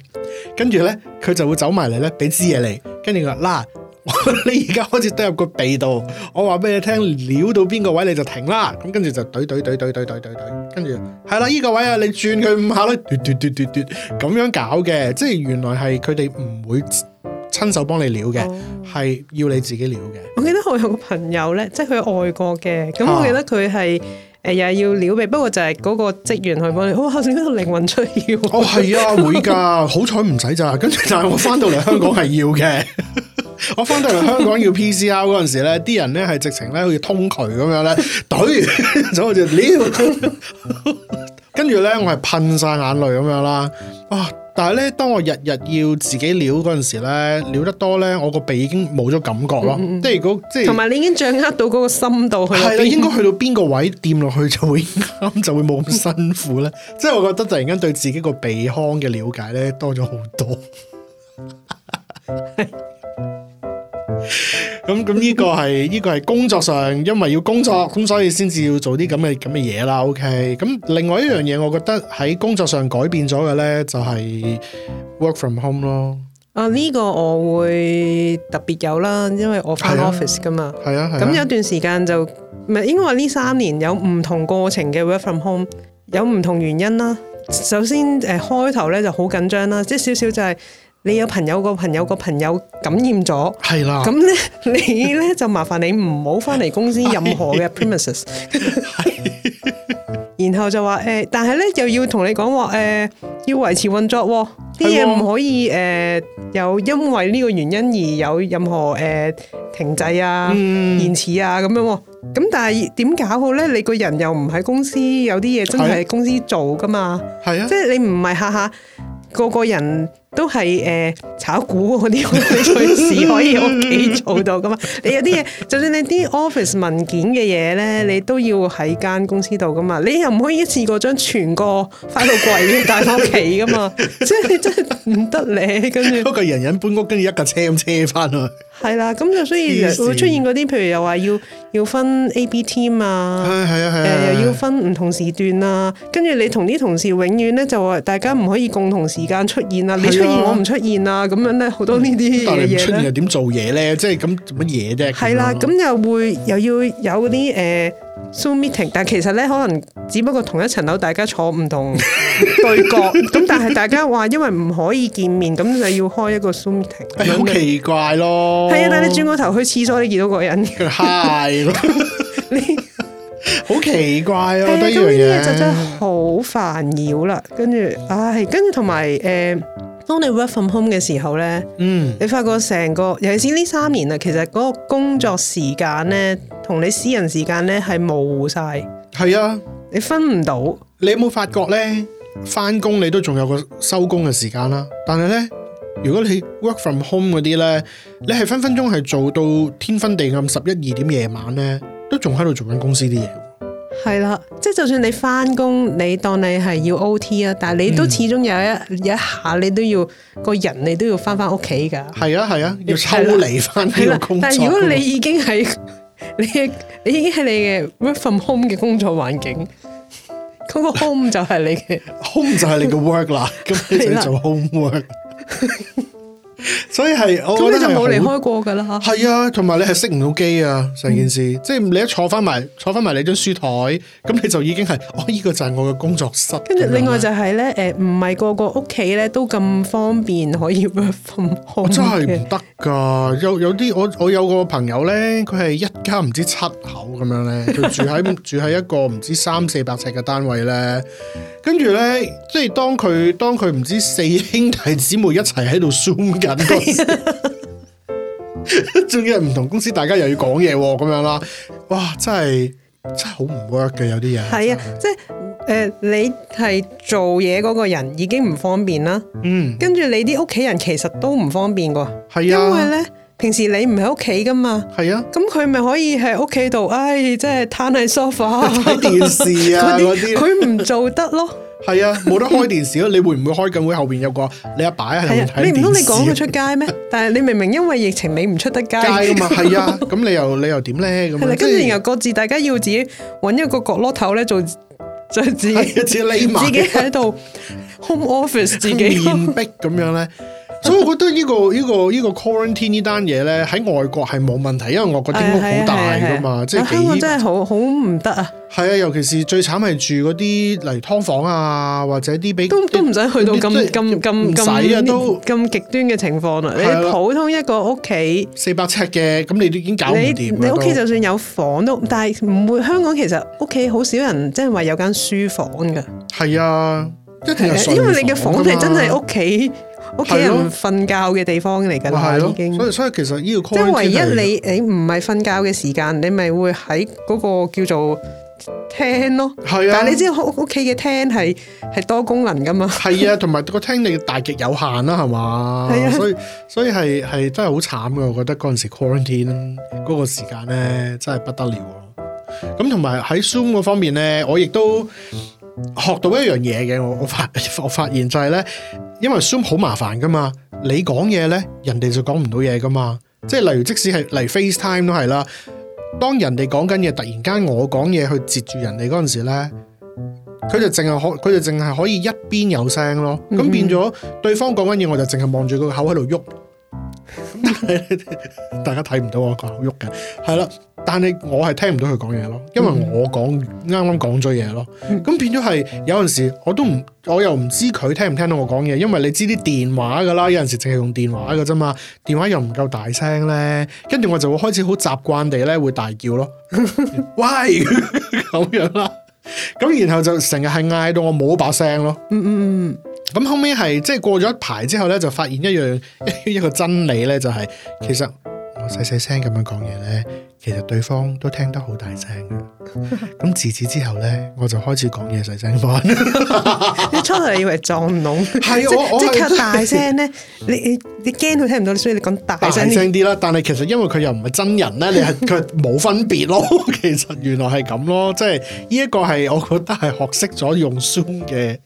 跟住咧佢就會走埋嚟咧俾支嘢你，跟住佢話嗱，你而家開始隊入個鼻度，我話俾你聽，撩到邊個位你就停啦，咁跟住就隊隊隊隊隊隊隊，跟住係啦，依個位啊，你轉佢五下啦，嘟嘟嘟嘟嘟咁樣搞嘅，即係原來係佢哋唔會。親手幫你撩嘅，係、oh。要你自己撩嘅。我記得我有個朋友咧，即係佢外國嘅，咁我記得佢係誒又係要撩你，不過就係嗰個職員去幫你。哇！你嗰度靈魂出竅。哦，係啊，會噶，好彩唔使咋，跟住就係我翻到嚟香港係要嘅。 我翻到嚟香港要 P C R 嗰陣時咧，啲人咧係直情咧好似通渠咁樣咧懟咗，我就撩。跟住咧，我係噴晒眼淚咁樣啦，哇！但係咧，當我日日要自己撩嗰陣時咧，撩得多咧，我個鼻已經冇咗感覺咯、嗯嗯。即係如果即係同埋你已經掌握到嗰個深度，係你的 應該去到邊個位掂落去就會啱， 就會冇咁辛苦咧。 即係我覺得突然間對自己個鼻腔嘅了解咧多咗好多。 咁咁呢個係呢個係工作上，因為要工作咁，所以先至要做啲咁嘅咁嘅嘢啦。OK，咁另外一樣嘢，我覺得喺工作上改變咗嘅咧，就係 work from home 咯。啊，呢個我會特別有啦，因為我返 office 噶嘛。係啊，係啊。咁有段時間就唔係應該話呢三年有唔同過程嘅 work from home，有唔同原因啦。首先誒，開頭咧就好緊張啦，即係少少就係。你有朋友個朋友個朋友感染咗，係啦，咁咧你咧就麻煩你唔好翻嚟公司任何嘅 premises，然後就話誒，但係咧又要同你講話誒，要維持運作，啲嘢唔可以誒，又因為呢個原因而有任何誒停滯啊、延遲啊咁樣，咁但係點搞好咧？你個人又唔喺公司，有啲嘢真係喺公司做噶嘛？係啊，即係你唔係下下個個人。都係誒炒股嗰啲你隨時可以屋企做到噶嘛？你、嗯、有啲嘢，就算你啲 office 文件嘅嘢咧，你都要喺間公司度噶嘛？你又唔可以一次過將全個翻到櫃帶到，帶翻屋企噶嘛？即係真係唔得你，跟住一個人人搬屋，跟住一架車咁車翻去。係啦，咁就所以就會出現嗰啲，譬如又話要要分 A、B team 啊，係啊係啊，誒要、呃、分唔同時段啊。跟住你同啲同事永遠咧就話，大家唔可以共同時間出現啊。雖然我唔出現啊，咁樣咧好多呢啲嘢出現，又點做嘢咧？即係咁做乜嘢啫？係啦，咁又會又要有嗰啲誒、呃、zoom meeting，但係其實咧可能只不過同一層樓，大家坐唔同對角，咁 但係大家話因為唔可以見面，咁就要開一個 zoom meeting，哎、好奇怪咯。係啊，但你轉個頭去廁所你，你見到個人，hi 咯，好奇怪啊，呢啲嘢就真係好煩擾啦。跟住，唉、哎，跟住同埋誒。呃當你 work from home 嘅時候咧，嗯、你發覺成個尤其是呢三年啦，其實嗰個工作時間咧，同你私人時間咧係模糊晒，係啊，你分唔到。你有冇發覺咧，翻工你都仲有個收工嘅時間啦，但係咧，如果你 work from home 嗰啲咧，你係分分鐘係做到天昏地暗，十一二點夜晚咧，都仲喺度做緊公司啲嘢。係啦，即係就算你翻工，你當你係要 OT 啊，但係你都始終有一、嗯、有一下，你都要個人，你都要翻翻屋企噶。係啊係啊，要抽離翻呢個工作。但係如果你已經係你你已經係你嘅 work from home 嘅工作環境，嗰、嗰個 home 就係你嘅 home 就係你嘅 work 啦，咁你 了做 homework。 所以係，咁你就冇離開過噶啦吓。係啊，同埋你係熄唔到機啊，成件事。嗯、即係你一坐翻埋，坐翻埋你張書台，咁你就已經係，哦，依、這個就係我嘅工作室。跟住另外就係、是、咧、誒、呃，唔係個個屋企咧都咁方便可以分開、哦。我真係唔得噶，有有啲我我有個朋友咧，佢係一家唔知七口咁樣咧，佢住喺 住喺一個唔知三四百尺嘅單位咧，跟住咧，即係當佢當佢唔知四兄弟姊妹一齊喺度 Zoom 緊。 仲要係唔同公司，大家又要講嘢咁樣啦，哇，真係真係好唔 work 嘅，有啲嘢係啊，的即係誒、呃，你係做嘢嗰個人已經唔方便啦，嗯，跟住你啲屋企人其實都唔方便噶，係啊，因為咧平時你唔喺屋企噶嘛，係啊，咁佢咪可以喺屋企度，唉，即係癱喺沙發睇電視啊嗰啲，佢唔做得咯。係啊，冇得開電視咯。 你會唔會開緊會後邊有個你阿爸喺度睇電視？啊、你唔通你講佢出街咩？ 但係你明明因為疫情你唔出得街。街噶嘛，係啊。咁 你又你又點咧？咁、啊，就是、跟住然又各自大家要自己搵一個角落頭咧做做自己， 自己匿埋，自己喺度 home office 自己面壁咁樣咧。 所以我覺得呢個呢個呢個 quarantine 呢單嘢咧喺外國係冇問題，因為外國啲屋好大噶嘛，即係香港真係好好唔得啊！係啊，尤其是最慘係住嗰啲嚟劏房啊，或者啲比都都唔使去到咁咁咁咁唔使啊，都咁極端嘅情況啦。你普通一個屋企四百尺嘅，咁你都已經搞唔掂。你屋企就算有房都，但係唔會香港其實屋企好少人，即係話有間書房噶。係啊，因為因為你嘅房係真係屋企。屋企人瞓覺嘅地方嚟㗎啦，的已經。所以所以，所以其實呢個即係唯一你誒唔係瞓覺嘅時間，你咪會喺嗰個叫做廳咯。係啊的，但係你知屋屋企嘅廳係係多功能㗎嘛。係啊的，同埋、 個廳你大極有限啦，係嘛。係啊的，所以所以係係真係好慘嘅。我覺得嗰陣時 quarantine 嗰個時間咧真係不得了咯。咁同埋喺 Zoom 嗰方面咧，我亦都。 學到一樣嘢嘅，我我發我發現就係、是、咧，因為 Zoom 好麻煩噶嘛，你講嘢咧，人哋就講唔到嘢噶嘛，即係例如即使係嚟 FaceTime 都係啦，當人哋講緊嘢，突然間我講嘢去截住人哋嗰陣時咧，佢就淨係可，佢就淨係可以一邊有聲咯，咁、嗯、哼變咗對方講緊嘢，我就淨係望住佢個口喺度喐。係 大家睇唔到我個口喐嘅，係啦。但係我係聽唔到佢講嘢咯，因為我講啱啱講咗嘢咯。咁、嗯、變咗係有陣時我都唔，我又唔知佢聽唔聽到我講嘢，因為你知啲電話噶啦，有陣時淨係用電話噶啫嘛，電話又唔夠大聲咧，跟住我就會開始好習慣地咧會大叫咯， 喂咁 樣啦。咁然後就成日係嗌到我冇把聲咯。嗯嗯嗯。咁後尾係即係過咗一排之後咧，就發現一樣一個真理咧、就是，就係其實我細細聲咁樣講嘢咧，其實對方都聽得好大聲嘅。咁、嗯、自此之後咧，我就開始講嘢細聲返啲。一 初頭以為裝聾，係 即，即我 即係大聲咧，你你你驚佢聽唔到，所以你講大聲啲啦。但係其實因為佢又唔係真人咧，你係佢冇分別咯。其實原來係咁咯，即係呢一個係我覺得係學識咗用 Zoom 嘅。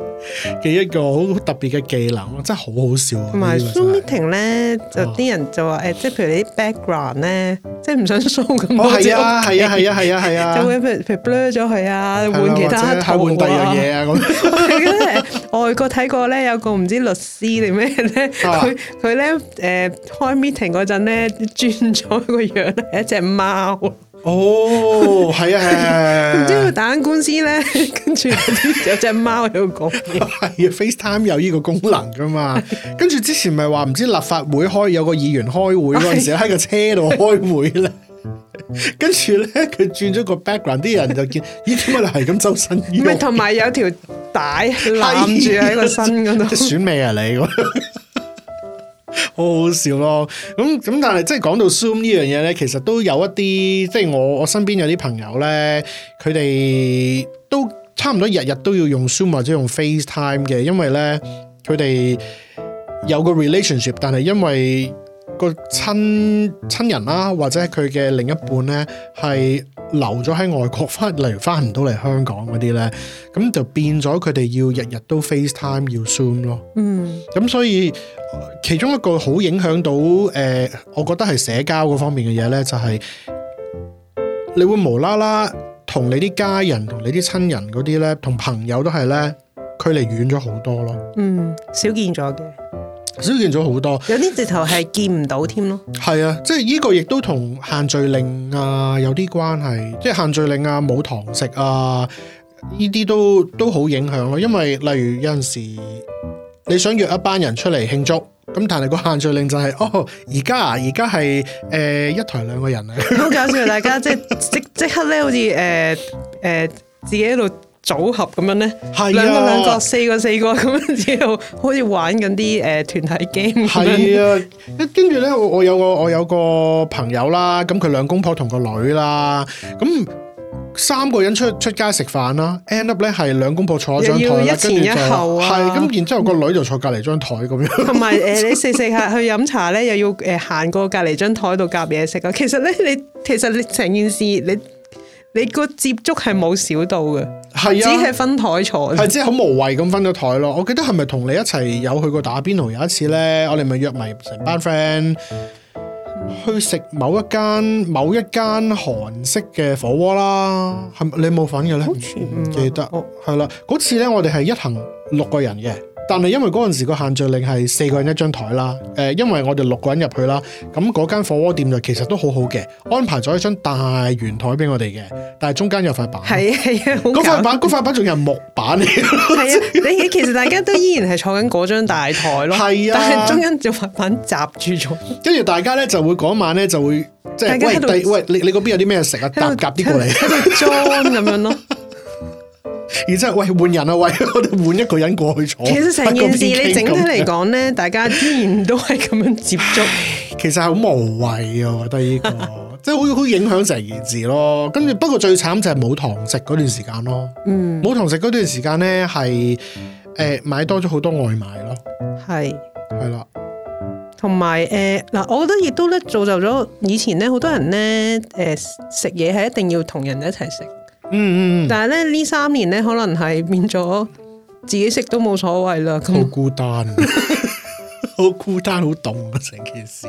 嘅一個好特別嘅技能，真係好好笑，啊。同埋，zoom meeting 咧，哦、就啲人就話，誒，即係譬如你啲 background 咧，即係唔想 zoom 咁，哦，哦係啊係啊係啊係啊係啊，就會變變 blur 咗佢啊，換其他頭啊，換第，啊，樣嘢啊咁。外國睇過咧，有個唔知律師定咩咧，佢佢咧，誒，開 meeting 嗰陣咧，轉咗個樣係一隻貓。哦，係啊！啊。唔知佢打緊官司咧，跟住有隻貓喺度講。係啊，FaceTime 有呢個功能噶嘛？ 跟住之前咪話唔知立法會開，有個議員開會嗰陣時喺個、 哦、是 車度開會咧。 跟住咧，佢轉咗個 background，啲人就見咦點解係咁周身？唔係同埋有條帶攬住喺個身嗰度。選美啊你！好 好笑咯、啊，咁咁但係即係講到 Zoom 呢樣嘢呢，其實都有一啲即係我我身邊有啲朋友呢，佢哋都差唔多日日都要用 Zoom 或者用 FaceTime 嘅，因為呢，佢哋有個 relationship，但係因為，個親親人啦，啊，或者佢嘅另一半咧，係留咗喺外國，翻例如翻唔到嚟香港嗰啲咧，咁就變咗佢哋要日日都 FaceTime 要 Zoom 咯。嗯，咁所以，呃，其中一個好影響到誒，呃，我覺得係社交嗰方面嘅嘢咧，就係、係，你會無啦啦同你啲家人，同你啲親人嗰啲咧，同朋友都係咧，距離遠咗好多咯。嗯，少見咗嘅。少見咗好多，有啲直頭係見唔到添咯。係啊，即係呢個亦都同限聚令啊有啲關係，即係限聚令啊、冇、啊、堂食啊，呢啲都都好影響咯。因為例如有陣時你想約一班人出嚟慶祝，咁但係個限聚令就係、係、哦，而家啊，而家係誒一枱兩個人啊，好搞笑！ 大家即即即，即刻咧，好似誒誒自己喺度。組合咁樣咧，兩個兩個、四個四個咁樣，之後好似玩緊啲誒團體 game 咁樣。係啊，跟住咧，我我有個我有個朋友啦，咁佢兩公婆同個女啦，咁三個人出出街食飯啦，end up 咧係兩公婆坐一張台，一前一後，係咁，然之後個女就坐隔離張台咁樣。同埋誒，你食食下去飲茶咧，又要誒行過隔離張台度夾嘢食啊。其實咧，你其實你成件事你。你個接觸係冇少到嘅，係啊，只係分台坐，係即係好無謂咁分咗台咯。我記得係咪同你一齊有去過打邊爐有一次咧？我哋咪約埋成班 friend 去食某一間某一間韓式嘅火鍋啦。係、嗯、你冇份嘅咧？好似唔記得。哦，係啦，嗰次咧，我哋係一行六個人嘅。但係因為嗰陣時個限聚令係四個人一張台啦，誒，因為我哋六個人入去啦，咁嗰間火鍋店就其實都好好嘅，安排咗一張大圓台俾我哋嘅，但係中間有塊板，係啊係啊，嗰塊板塊板仲有木板嚟，係啊，你其實大家都依然係坐緊嗰張大台咯，係啊，但係中間就塊板閘住咗，跟住大家咧就會嗰晚咧就會即係喂第喂你你嗰邊有啲咩食啊，搭夾啲過嚟，裝咁樣咯。然真係喂，換人啊喂，我哋換一個人過去坐。其實成件事你整體嚟講咧，大家依然都係咁樣接觸，其實係好無謂嘅，我覺得呢個即係好好影響成件事咯。跟住不過最慘就係冇堂食嗰段時間咯。嗯，冇堂食嗰段時間咧係誒，買多咗好多外賣咯。係係啦，同埋誒，嗱，我覺得亦都咧造就咗以前咧好多人咧誒食嘢係一定要同人哋一齊食。嗯嗯，但係咧呢三年咧，可能係變咗自己食都冇所謂啦，好孤單，好 孤單，好凍啊！成件事，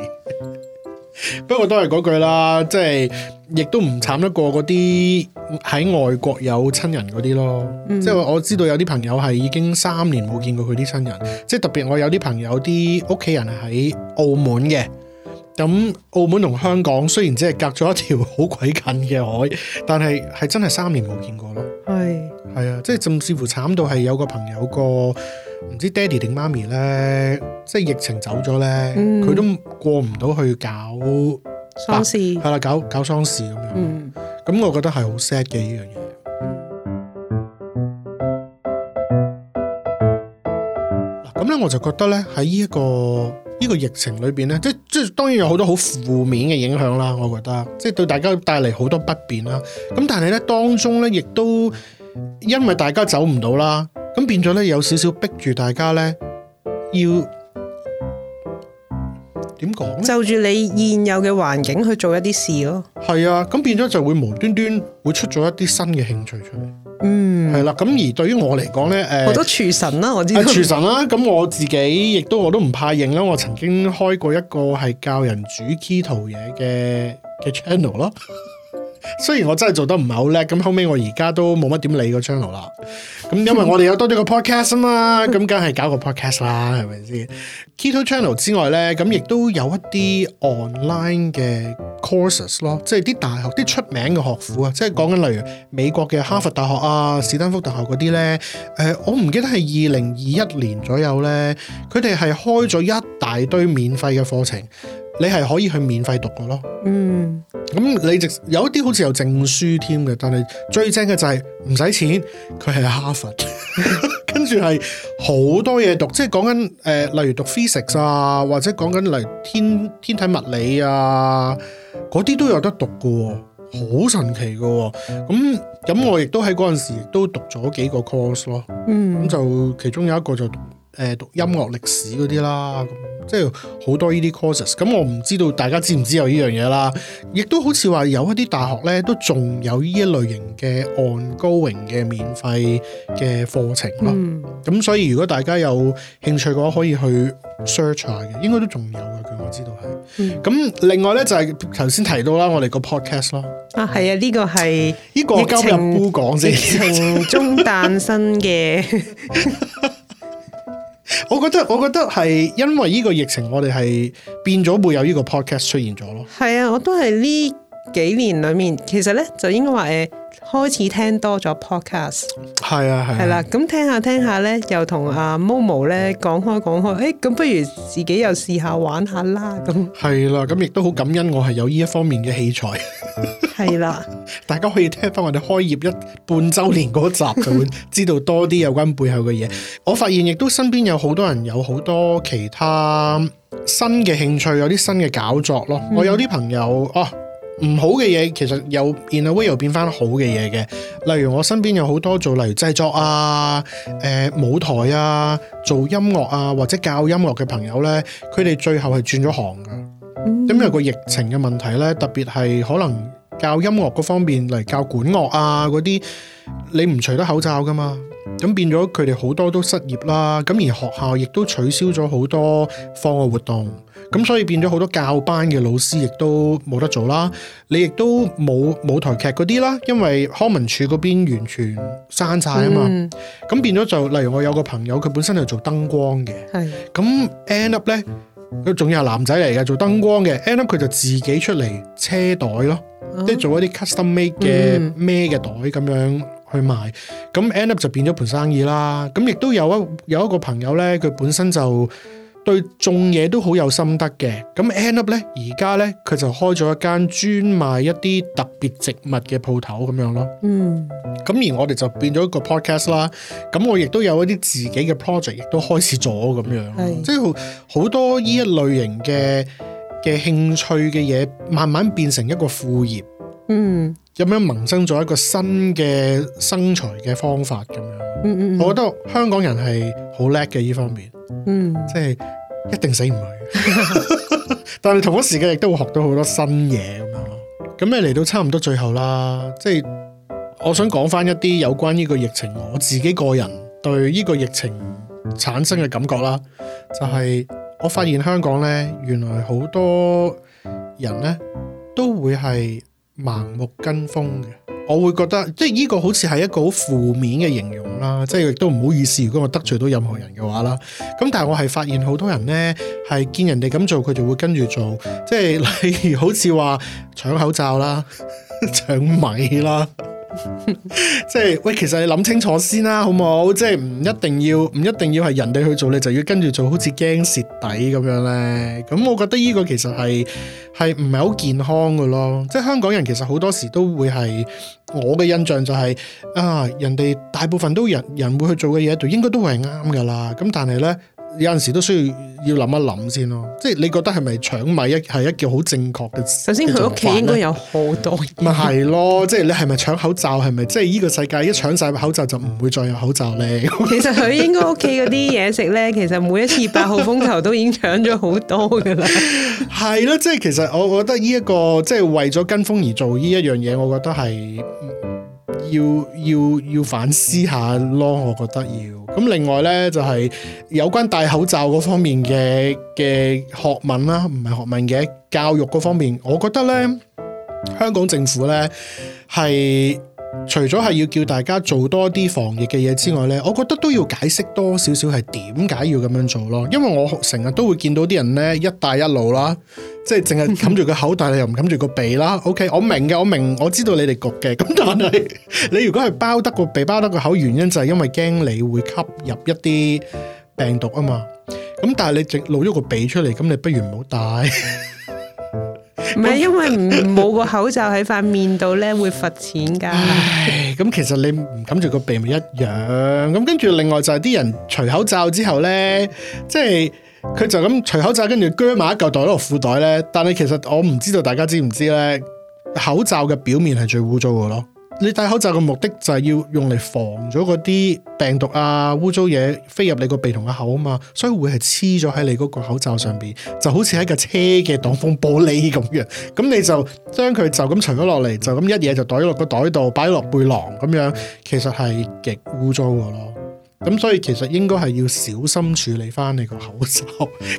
不過都係嗰句啦，即係亦都唔慘得過嗰啲喺外國有親人嗰啲咯，嗯、即係我知道有啲朋友係已經三年冇見過佢啲親人，嗯、即係特別我有啲朋友啲屋企人喺澳門嘅。咁，澳門同香港雖然只係隔咗一條好鬼近嘅海，但係係真係三年冇見過咯。係係啊，即係甚至乎慘到係有個朋友個唔知爹哋定媽咪咧，即係疫情走咗咧，佢、嗯、都過唔到去搞喪事、啊、搞、搞喪事，係啦，搞搞喪事咁樣。咁、嗯、我覺得係好 sad 嘅呢樣嘢。我就覺得咧，喺呢一個呢個疫情裏邊咧，即即當然有好多好負面嘅影響啦。我覺得即對大家帶嚟好多不便啦。咁但係咧當中咧，亦都因為大家走唔到啦，咁變咗咧有少少逼住大家咧要點講咧？呢就住你現有嘅環境去做一啲事咯。係啊，咁變咗就會無端端會出咗一啲新嘅興趣出嚟。嗯，係啦，咁而對於我嚟講咧，誒，好多廚神啦，我知。啊，廚神啦，咁我自己亦都我都唔怕認啦，我曾經開過一個係，教人煮 key 圖嘢嘅嘅 channel 咯。雖然我真係做得唔係好叻，咁後尾我而家都冇乜點理個 channel 啦。咁因為我哋有多咗個 podcast 啊嘛，咁梗係搞個 podcast 啦，係咪先？Keto channel 之外呢，咁亦都有一啲 online 嘅 courses 咯，即係啲大學啲出名嘅學府啊，即係講緊例如美國嘅哈佛大學啊、史丹福大學嗰啲呢。誒，我唔記得係二零二一年左右呢，佢哋係開咗一大堆免費嘅課程。你係可以去免費讀嘅咯，嗯，咁你直有一啲好似有證書添嘅，但係最正嘅就係唔使錢，佢係哈佛， 跟住係好多嘢讀，即係講緊誒，例如讀 physics 啊，或者講緊例如天天體物理啊，嗰啲都有得讀嘅、哦，好神奇嘅、哦，咁咁我亦都喺嗰陣時亦都讀咗幾個 course 咯，嗯，咁就其中有一個就。誒，讀音樂歷史嗰啲啦，即係好多呢啲 courses。咁我唔知道大家知唔知有呢樣嘢啦。亦都好似話有一啲大學咧，都仲有呢一類型嘅 ongoing 嘅免費嘅課程咯。咁、嗯、所以如果大家有興趣嘅話，可以去 search 下嘅，應該都仲有嘅。佢我知道係。咁、嗯、另外咧就係頭先提到啦，我哋個 podcast 咯。啊，係啊、嗯，呢個係疫，疫情中誕生嘅。 我覺得，我覺得係因為呢個疫情，我哋係變咗會有呢個 podcast 出現咗咯。係啊，我都係呢、這個。幾年裏面，其實咧就應該話誒，開始聽多咗 podcast，係啊係，係啦、啊，咁、啊嗯、聽下聽下咧，又同阿 Momo 咧講開講開，誒，咁、欸、不如自己又試下玩下啦，咁係啦，咁亦都好感恩，我係有呢一方面嘅器材，係 啦、啊， 大家可以聽翻我哋開業一半周年嗰集，就會知道多啲有關背後嘅嘢。 我發現亦都身邊有好多人有好多其他新嘅興趣，有啲新嘅搞作咯。嗯、我有啲朋友啊。哦哦唔好嘅嘢，其實有，in a way 又變翻好嘅嘢嘅。例如我身邊有好多做，例如製作啊、誒、呃、舞台啊、做音樂啊或者教音樂嘅朋友咧，佢哋最後係轉咗行噶。咁、嗯、因為個疫情嘅問題咧，特別係可能教音樂嗰方面嚟教管樂啊嗰啲，你唔除得口罩噶嘛。咁變咗佢哋好多都失業啦，咁而學校亦都取消咗好多課外活動，咁所以變咗好多教班嘅老師亦都冇得做啦。你亦都冇舞台劇嗰啲啦，因為康文署嗰邊完全閂晒啊嘛。咁、嗯、變咗就例如我有個朋友，佢本身係做燈光嘅，咁是 end up 咧，佢仲要係男仔嚟嘅，做燈光嘅 end up 佢就自己出嚟車袋咯，啊、即係做一啲 custom made 嘅孭嘅袋咁樣。嗯嗯去賣，咁 end up 就變咗盤生意啦。咁亦都有一有一個朋友咧，佢本身就對種嘢都好有心得嘅。咁 end up 咧，而家咧佢就開咗一間專賣一啲特別植物嘅鋪頭咁樣咯。嗯，咁而我哋就變咗一個 podcast 啦。咁我亦都有一啲自己嘅 project，亦都開始咗咁樣。即係好多呢一類型嘅嘅，嗯、興趣嘅嘢，慢慢變成一個副業。嗯，mm hmm. 有咩萌生咗一個新嘅生財嘅方法咁樣？嗯嗯、mm hmm. 我覺得香港人係好叻嘅呢方面，嗯、mm，hmm. 即係一定死唔去。 但係同一時間亦都會學到好多新嘢咁樣咯。咁你嚟到差唔多最後啦，即係我想講翻一啲有關呢個疫情，我自己個人對呢個疫情產生嘅感覺啦，就係、是、我發現香港呢，原來好多人呢都會係，盲目跟風嘅，我會覺得即係呢個好似係一個好負面嘅形容啦，即係亦都唔好意思，如果我得罪到任何人嘅話啦，咁但係我係發現好多人呢，係見人哋咁做，佢就會跟住做，即係例如好似話搶口罩啦、搶 米啦。 即係喂，其實你諗清楚先啦、啊，好唔好？即係唔一定要，唔一定要係人哋去做，你就要跟住做好似驚蝕底咁樣咧。咁我覺得呢個其實係係唔係好健康噶咯。即係香港人其實好多時都會係，我嘅印象就係、是、啊，人哋大部分都人人會去做嘅嘢，就應該都係啱噶啦。咁但係咧。有陣時都需要要諗一諗先咯，即係你覺得係咪搶米一係一件好正確嘅事？首先佢屋企應該有好多。咪係咯，即係你係咪搶口罩係咪？即係呢個世界一搶曬口罩就唔會再有口罩咧。其實佢應該屋企嗰啲嘢食咧， 其實每一次八號風球都已經搶咗好多㗎啦。係咯，即係其實我覺得呢一個即係為咗跟風而做呢一樣嘢，我覺得係。要要要反思下咯，我覺得要。咁另外咧就係有關戴口罩嗰方面嘅嘅學問啦，唔係學問嘅教育嗰方面，我覺得咧香港政府咧係除咗係要叫大家做多啲防疫嘅嘢之外咧，我覺得都要解釋多少少係點解要咁樣做咯。因為我成日都會見到啲人咧一帶一路啦。即係淨係冚住個口， 但係又唔冚住個鼻啦。OK，我明嘅，我明，我知道你哋焗嘅。咁但係你如果係包得個鼻包得個口，原因就係因為驚你會吸入一啲病毒啊嘛。咁但係你淨露咗個鼻出嚟，咁你不如唔好戴。唔 係因為冇個口罩喺塊面度咧，會罰錢噶。唉，咁其實你唔冚住個鼻咪一樣。咁跟住另外就係啲人除口罩之後咧，即係。佢就咁除口罩，跟住 g 埋一嚿袋落個褲袋咧。但係其實我唔知道大家知唔知咧，口罩嘅表面係最污糟嘅咯。你戴口罩嘅目的就係要用嚟防咗嗰啲病毒啊、污糟嘢飛入你個鼻同個口啊嘛，所以會係黐咗喺你嗰個口罩上邊，就好似喺架車嘅擋風玻璃咁樣。咁你就將佢就咁除咗落嚟，就咁一嘢就袋咗落個袋度，擺落背囊咁樣，其實係極污糟嘅咯。咁所以其實應該係要小心處理翻你個口罩，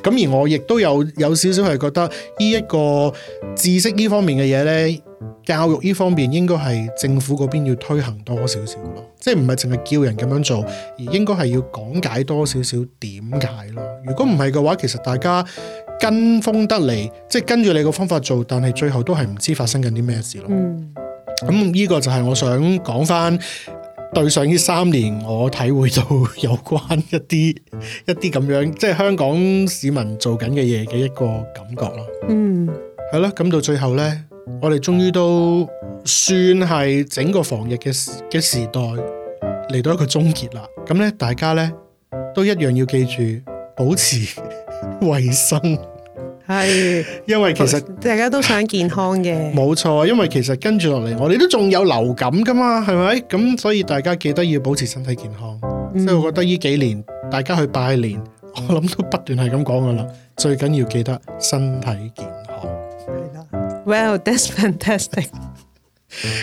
咁 而我亦都有有少少係覺得呢一個知識呢方面嘅嘢呢，教育呢方面應該係政府嗰邊要推行多少少咯，即係唔係淨係叫人咁樣做，而應該係要講解多少少點解咯。如果唔係嘅話，其實大家跟風得嚟，即係跟住你個方法做，但係最後都係唔知發生緊啲咩事咯。嗯，咁呢個就係我想講翻。對上呢三年，我體會到有關一啲 一啲咁樣，即係香港市民做緊嘅嘢嘅一個感覺咯。嗯，係咯，咁到最後呢，我哋終於都算係整個防疫嘅時嘅時代嚟到一個終結啦。咁呢，大家呢都一樣要記住保持衞生。 係，因為其實大家都想健康嘅，冇錯。因為其實跟住落嚟，我哋都仲有流感㗎嘛，係咪？咁所以大家記得要保持身體健康。即係、嗯、我覺得呢幾年大家去拜年，我諗都不斷係咁講㗎喇。嗯、最緊要記得身體健康。Well, that's fantastic.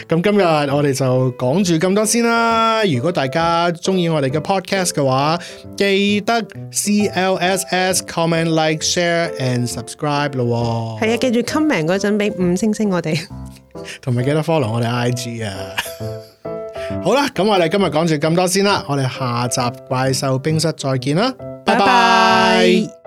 咁今日我哋就講住咁多先啦。如果大家中意我哋嘅 podcast 嘅話，記得 CLSS comment like share and subscribe 咯。係啊，記住 comment 嗰陣俾五星星我哋，同埋記得 follow 我哋 IG 啊。好啦，咁我哋今日講住咁多先啦。我哋下集怪獸冰室再見啦，拜拜。